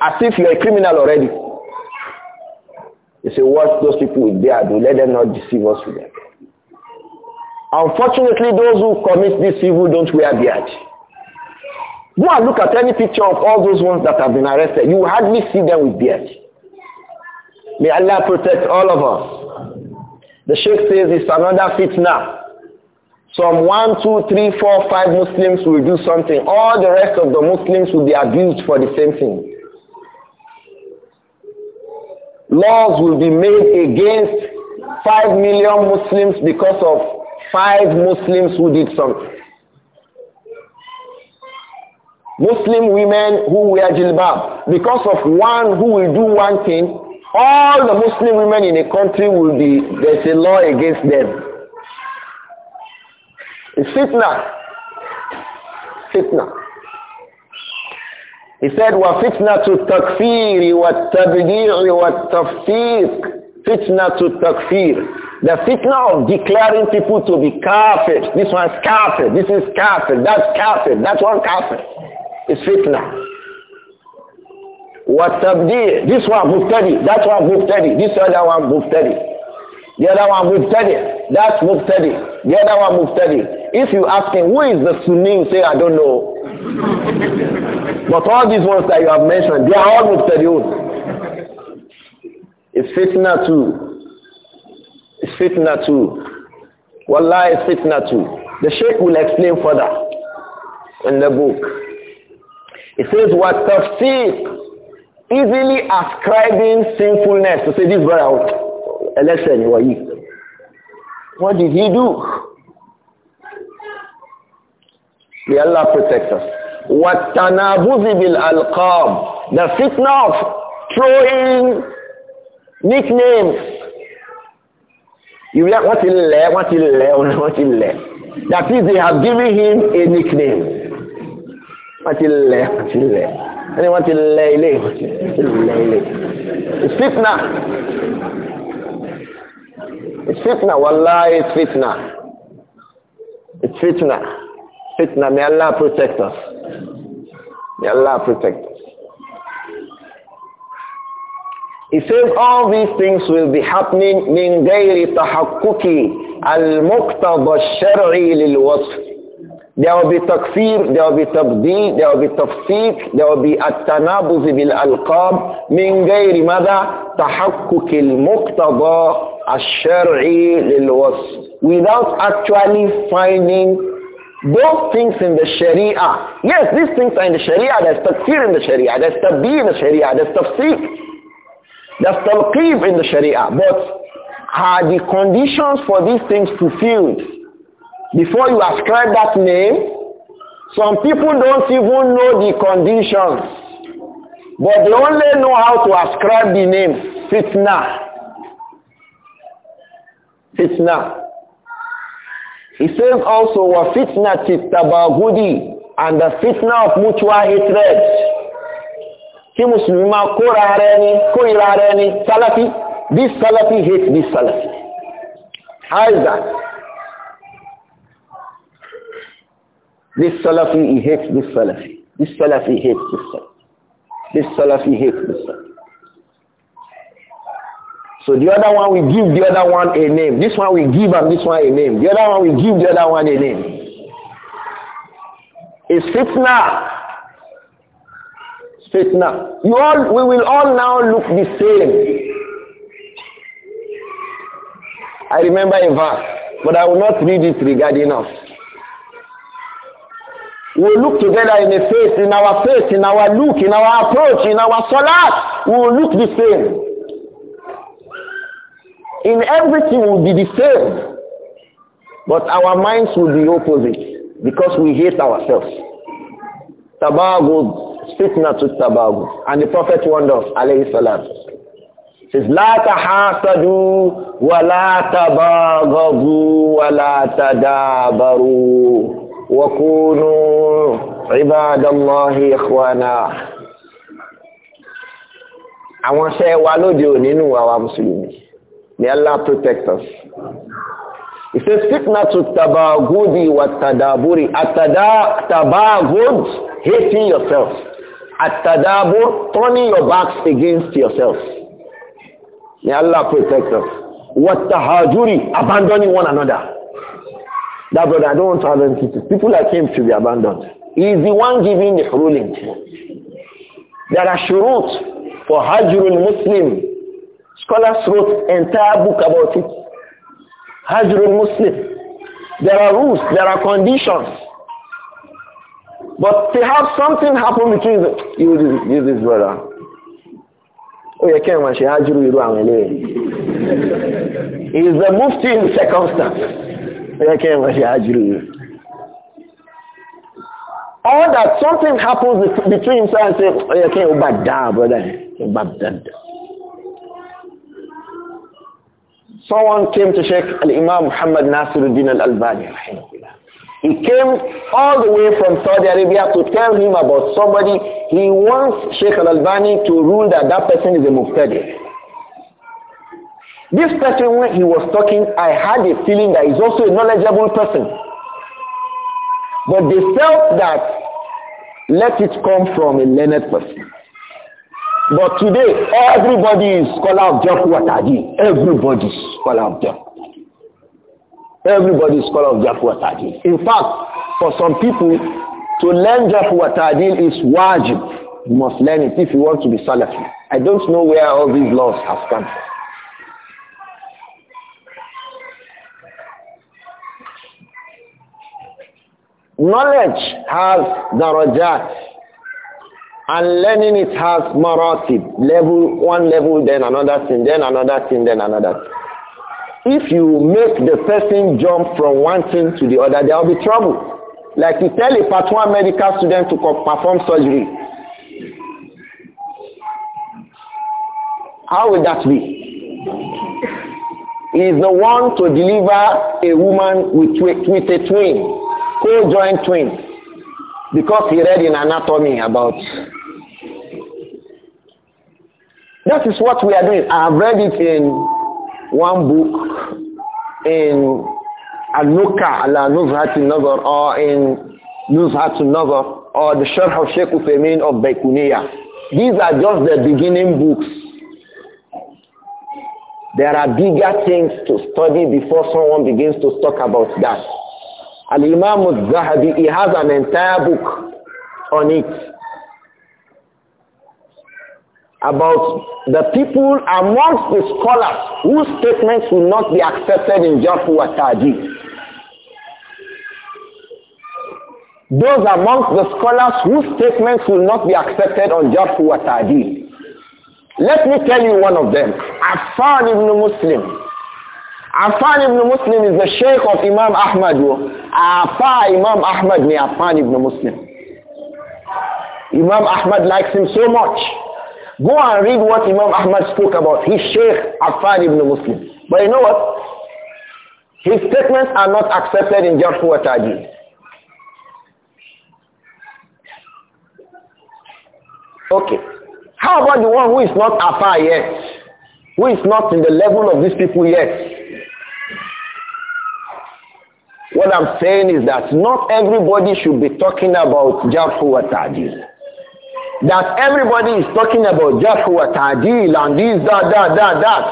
as if you're a criminal already. They say, watch those people with beard, let them not deceive us with them. Unfortunately, those who commit this evil don't wear beard. Go and look at any picture of all those ones that have been arrested. You hardly see them with beard. May Allah protect all of us. The Sheikh says it's another fitna. Some one, two, three, four, five Muslims will do something. All the rest of the Muslims will be abused for the same thing. Laws will be made against five million Muslims because of five Muslims who did something. Muslim women who wear jilbab because of one who will do one thing all the Muslim women in a country will be, there's a law against them. It's fitna. Fitna. He said, وَفِتْنَةُ التَّكْفِيرِ وَالتَّبْدِيعِ وَالتَّفْتِيقِ Fitna to takfir. The fitna of declaring people to be kafir. This one's kafir. This is kafir. That's kafir. That one kafir. It's fitna. وَالتَّبْدِيلِ This one Muftadi, that one Muftadi, this other one Muftadi. The other one Muftadi, that's Muftadi, the other one Muftadi. If you ask him, who is the Sunni, say, I don't know. but all these ones that you have mentioned, they are all Muftadiun. It's fitna too. It's fitna too. Wallah is fitna too. The Sheikh will explain further in the book. It says, what tafsir easily ascribing sinfulness to say this brother election lesson, you what did he do may allah protect us What bil alqab the fitna of throwing nicknames you like what he le what he le what he le that is they have given him a nickname what he le what he le ẹni wọ́n ti lẹ lay. it's fitna it's fitna wallahi it's fitna it's fitna fitna may Allah protect us may Allah protect us He says all these things will be happening من غير al المقتضى الشرعي للوصف there will be takfir, there will be tabdi, there will be tafsik, there will be at-tanabuz bil alqab min غير ماذا تحقق المقتضى الشرعي للوصف without actually finding those things in the sharia. Yes, these things are in the sharia. There's takfir in the sharia. There's tabdi in the sharia. There's tafsik. There's talqib in the sharia. But are the conditions for these things fulfilled? Before you ascribe that name, some people don't even know the conditions. But they only know how to ascribe the name, fitna. Fitna. He says also, wa fitna titabagudi, and the fitna of mutual hatred. He Mùsùlùmí máa kóra ara Salafi, this Salafi hates this Salafi. How is that? This Salafi, he hates this Salafi. This Salafi hates this Salafi. This Salafi hates this Salafi. So the other one we give the other one a name. This one we give and this one a name. The other one we give the other one a name. It's fitna. It's fitna. You all, we will all now look the same. I remember a verse, but I will not read it regarding us. We will look together in a faith, in our faith, in our look, in our approach, in our salat. We will look the same. In everything will be the same. But our minds will be opposite because we hate ourselves. Tabagud, fitna to tabagud. And the Prophet warned us, alayhi salam. Says, لا تحاسدوا ولا تباغضوا ولا تدابروا وكونوا عباد الله إخوانا àwọn ṣẹ́ wa lóde òní nù àwa mùsùlùmí ni allah protect us He says fitna to tabagudi wa tadaburi atada tabagud hating yourself atadabur turning your backs against yourself May allah protect us wa tahajuri abandoning one another that brother, I don't want to have empty People like him should be abandoned. He is the one giving the ruling. There are shurut for Hajrul Muslim. Scholars wrote entire book about it. Hajrul Muslim. There are rules, there are conditions. But perhaps something happened between the, you, you this brother. Oh, you can't Hajru He is the mufti in circumstance. Okay, Or that something happens between himself and say, okay, Ubadah, brother. Someone came to Sheikh Al-Imam Muhammad Nasiruddin Al-Albani, He came all the way from Saudi Arabia to tell him about somebody. He wants Sheikh Al-Albani to rule that that person is a muqtadi. This person, when he was talking, I had a feeling that he's also a knowledgeable person. But they felt that let it come from a learned person. But today, everybody is scholar of Jeff Wataji. Everybody is scholar of Jeff. Everybody is scholar of Jeff Wataji. In fact, for some people, to learn Jeff Wataji is wajib. You must learn it if you want to be Salafi. I don't know where all these laws have come from. Knowledge has darajat. And learning it has maratib. Level, one level, then another thing, then another thing, then another thing. If you make the person jump from one thing to the other, there will be trouble. Like you tell a part one medical student to perform surgery. How will that be? He is the one to deliver a woman with, with a twin co-joined twins because he read in anatomy about that is what we are doing. I have read it in one book in Anuka ala Nuzhati al-Nazar or in Nuzhat nazar or the Sharh of Sheikh Uthaymeen of Baikuniya. These are just the beginning books. There are bigger things to study before someone begins to talk about that. Al-Imam al-Zahabi, he has an entire book on it about the people amongst the scholars whose statements will not be accepted in Jafu Ataji. Those amongst the scholars whose statements will not be accepted on Jafu Ataji. Let me tell you one of them. Affan ibn Muslim. Affan ibn Muslim is the sheikh of Imam Ahmad. Afa Imam Ahmad ni Affan ibn Muslim. Imam Ahmad likes him so much. Go and read what Imam Ahmad spoke about. His sheikh Affan ibn Muslim. But you know what? His statements are not accepted in Jarfu wa Okay. How about the one who is not Afa yet? Who is not in the level of these people yet? What I'm saying is that not everybody should be talking about Jarhu wa That everybody is talking about Jarhu wa and this, that, that, that, that.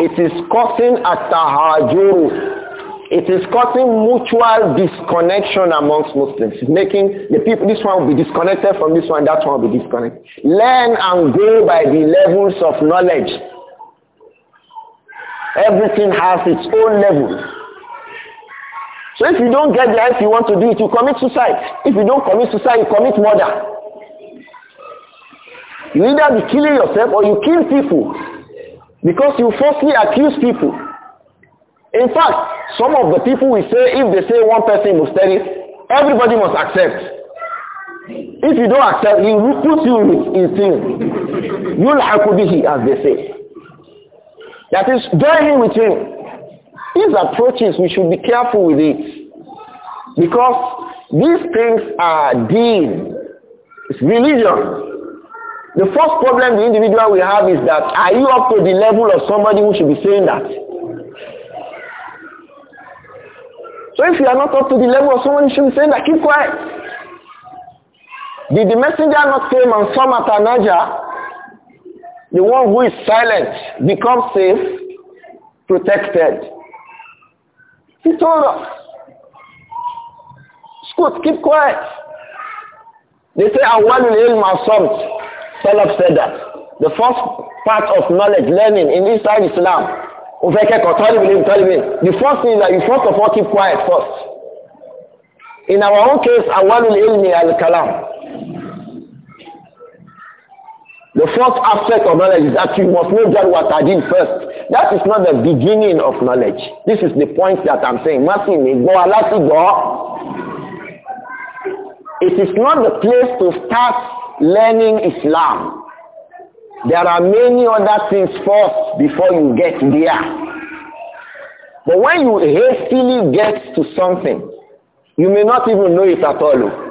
It is causing a tahajur. It is causing mutual disconnection amongst Muslims. It's making the people, this one will be disconnected from this one, that one will be disconnected. Learn and go by the levels of knowledge. Everything has its own level. So if you don't get the help you want to do it, you commit suicide. If you don't commit suicide, you commit murder. You either be killing yourself or you kill people because you falsely accuse people. In fact, some of the people will say if they say one person must tell it, everybody must accept. If you don't accept, he will put you in sin. You'll have to be here, as they say. That is, join him with him. These approaches, we should be careful with it. Because these things are deen. It's religion. The first problem the individual will have is that are you up to the level of somebody who should be saying that? So if you are not up to the level of someone who should be saying that, keep quiet. Did the messenger not came and Samata Naja, the one who is silent, becomes safe, protected? He told us. Scoot, keep quiet. They say, I want to ilm assault. Salaf said that. The first part of knowledge, learning in inside Islam, the first thing is that you first of all keep quiet first. In our own case, awalul ilmi al-kalam. The first aspect of knowledge is that you must know what I did first. That is not the beginning of knowledge. This is the point that I'm saying. It is not the place to start learning Islam. There are many other things first before you get there. But when you hastily get to something, you may not even know it at all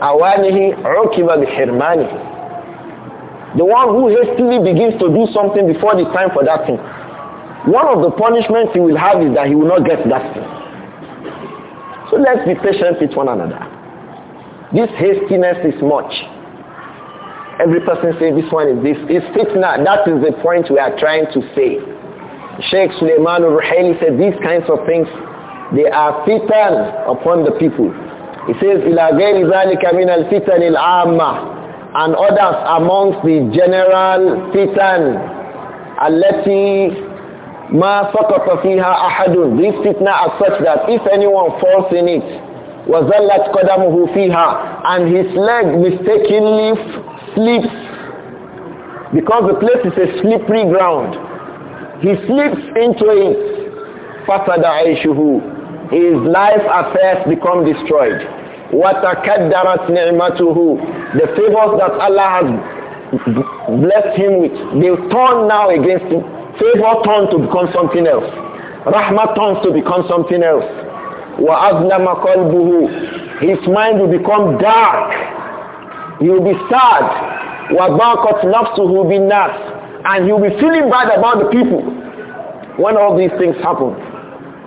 awanihi ukiba bihirmanihi. The one who hastily begins to do something before the time for that thing. One of the punishments he will have is that he will not get that thing. So let's be patient with one another. This hastiness is much. Every person say this one is this. It's fitna. That is the point we are trying to say. Sheikh Suleiman al-Ruhaili said these kinds of things, they are fitan upon the people. He says, إِلَى غَيْرِ kāmin مِنَ الْفِتَنِ amma, And others amongst the general fitan التي ما سقط فيها aḥadun. This fitna are such that if anyone falls in it وَزَلَّتْ قَدَمُهُ fiha, And his leg mistakenly slips because the place is a slippery ground. He slips into it. فَسَدَ عَيْشُهُ his life affairs become destroyed. وَتَكَدَّرَتْ نِعْمَتُهُ The favors that Allah has blessed him with, they turn now against him. Favor turns to become something else. Rahmah turns to become something else. وَأَظْلَمَ قَلْبُهُ His mind will become dark. He will be sad. وَضَاقَتْ نَفْسُهُ بِالنَّاسِ And he will be feeling bad about the people. When all these things happen,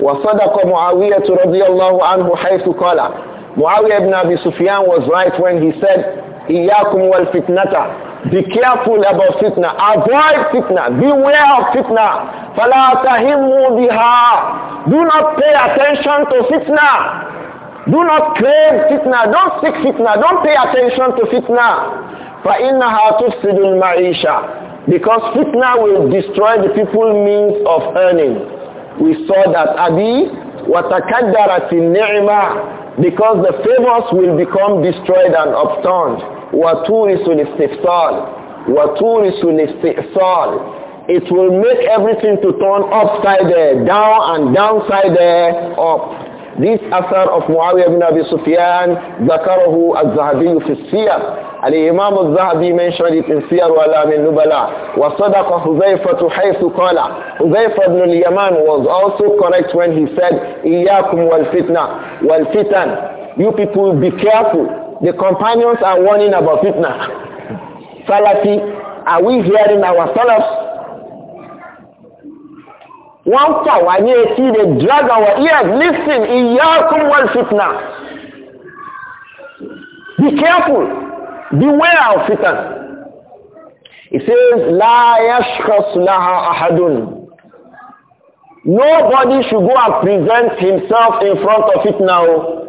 وصدق معاوية رضي الله عنه حيث قال Muawiyah ibn Abi Sufyan was right when he said إياكم والفتنة Be careful about fitna. Avoid fitna. Beware of fitna. فَلَا تَهِمُّوا بِهَا Do not pay attention to fitna. Do not crave fitna. Don't seek fitna. Don't pay attention to fitna. فَإِنَّهَا تُفْسِدُ الْمَعِيشَةِ Because fitna will destroy the people's means of earning we saw that Abi watakadara النِّعْمَةِ Because the favors will become destroyed and upturned. وَتُورِسُ الْإِسْتِفْصَالِ وَتُورِسُ الْإِسْتِفْصَالِ It will make everything to turn upside down and downside up. This asar of Muawiyah bin Abi Sufyan, Zakarahu al-Zahabi fi imam al-Zahabi mentioned it in siyar wa la min nubala. Wa sadaqa Huzaifa tuhaythu qala. Huzaifa ibn al-Yaman was also correct when he said, Iyakum wal-fitna, wal-fitan. You people be careful. The companions are warning about fitna. Salafi, are we hearing our salafs? wọ́n power, fà wá ní etí they drag our ears listen iyyakum wal fitna be careful beware of fitan it says la yashkhas laha ahadun nobody should go and present himself in front of it now oh.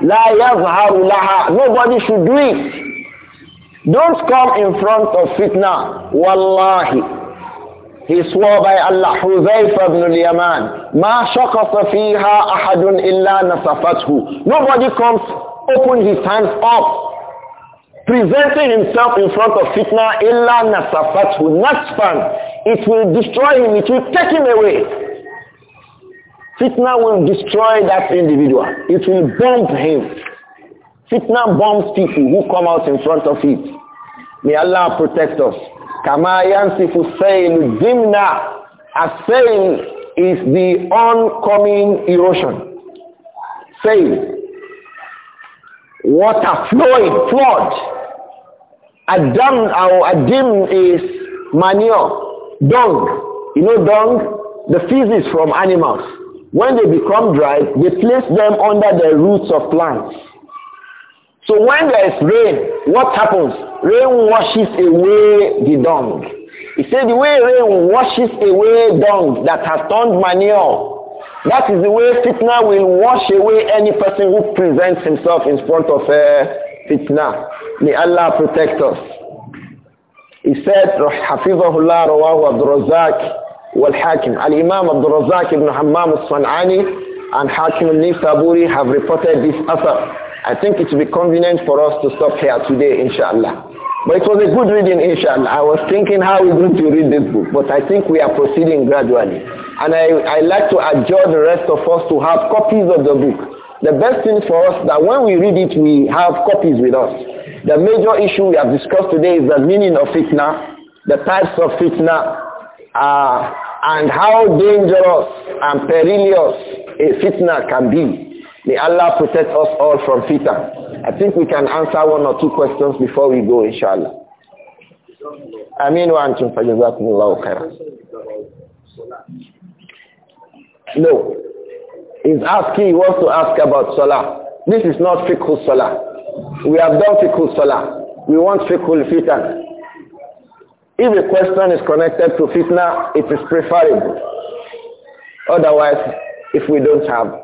la yazharu laha nobody should do it don't come in front of fitna wallahi he swore by Allah, Huzaifa ibn al-Yaman, مَا شَقَصَ فِيهَا أَحَدٌ إِلَّا نَصَفَتْهُ Nobody comes, open his hands up, presenting himself in front of fitna, إِلَّا نَصَفَتْهُ نَصْفًا It will destroy him, it will take him away. Fitna will destroy that individual. It will bomb him. Fitna bombs people who come out in front of it. May Allah protect us. Kama yansifu sail dimna. A sail is the oncoming erosion. Sail. Water flowing, flood. A dam or a dim is manure, dung. You know dung? The feces from animals. When they become dry, they place them under the roots of plants. So when there is rain, what happens? Rain washes away the dung. He said the way rain washes away dung that has turned manure, that is the way fitna will wash away any person who presents himself in front of a uh, fitna. May Allah protect us. He said, Hafizahullah Rawahu wal Razak والحاكم imam عبد ibn بن al الصنعاني and Hakim al-Nisaburi have reported this asar I think it will be convenient for us to stop here today, inshallah. But it was a good reading, inshallah. I was thinking how we're going to read this book, but I think we are proceeding gradually. And I, I like to adjure the rest of us to have copies of the book. The best thing for us that when we read it, we have copies with us. The major issue we have discussed today is the meaning of fitna, the types of fitna, uh, and how dangerous and perilous a fitna can be. May Allah protect us all from fitan. I think we can answer one or two questions before we go, inshallah. I mean, Amin wa antum fajazakumullahu khairan. No. He's asking, he wants to ask about salah. This is not Fiqhul salah. We have done Fiqhul salah. We want Fiqhul fitan. If a question is connected to fitna, it is preferable. Otherwise, if we don't have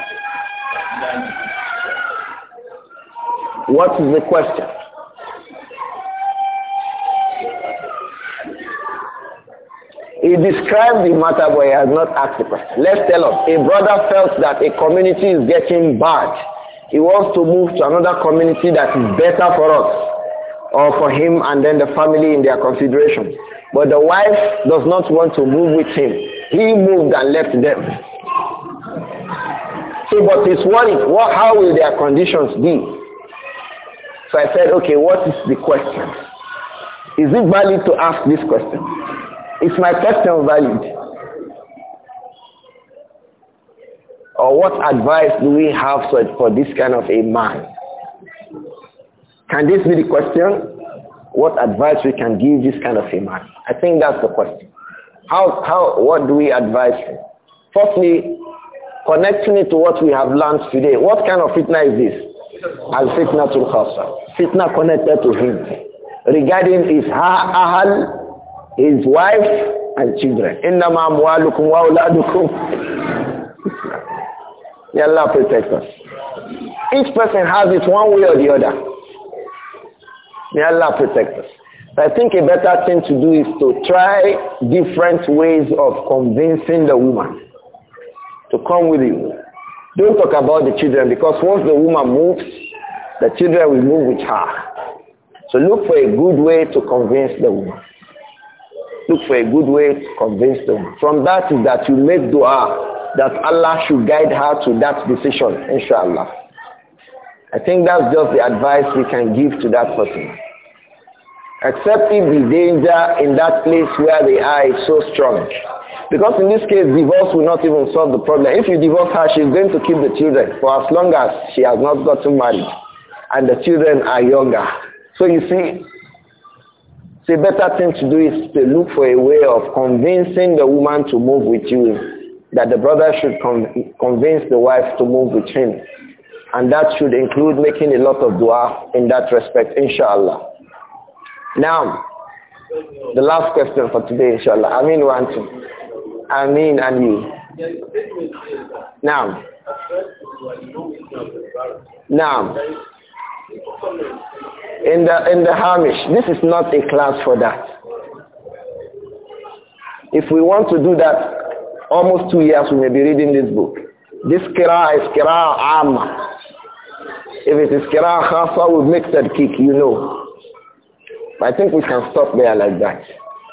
What is the question? He described the matter, but he has not asked the question. Let's tell us. A brother felt that a community is getting bad. He wants to move to another community that is better for us or for him and then the family in their consideration. But the wife does not want to move with him. He moved and left them. So, but it's worrying. What, how will their conditions be? So I said, okay, what is the question? Is it valid to ask this question? Is my question valid? Or what advice do we have for this kind of a man? Can this be the question? What advice we can give this kind of a man? I think that's the question. How, how, what do we advise him? Firstly, connecting it to what we have learned today. What kind of fitna is this? Al fitna tul khasa. Fitna connected to him. Regarding his ahal, his wife and children. Innama amwalukum wa auladukum. May Allah protect us. Each person has it one way or the other. May Allah protect us. I think a better thing to do is to try different ways of convincing the woman to come with you. Don't talk about the children because once the woman moves, the children will move with her. So look for a good way to convince the woman. Look for a good way to convince them. From that is that you make dua that Allah should guide her to that decision, inshallah. I think that's just the advice we can give to that person. Except if the danger in that place where they are is so strong. Because in this case, divorce will not even solve the problem. If you divorce her, she's going to keep the children for as long as she has not gotten married and the children are younger. So you see, the better thing to do is to look for a way of convincing the woman to move with you, that the brother should con convince the wife to move with him. And that should include making a lot of dua in that respect, inshallah. Now, the last question for today, inshallah. I mean, one, two. I mean and you. Now. Now. In the in the Hamish, this is not a class for that. If we want to do that, almost two years we may be reading this book. This kira is kira amma. If it is kira khasa, we make that kick, you know. I think we can stop there like that.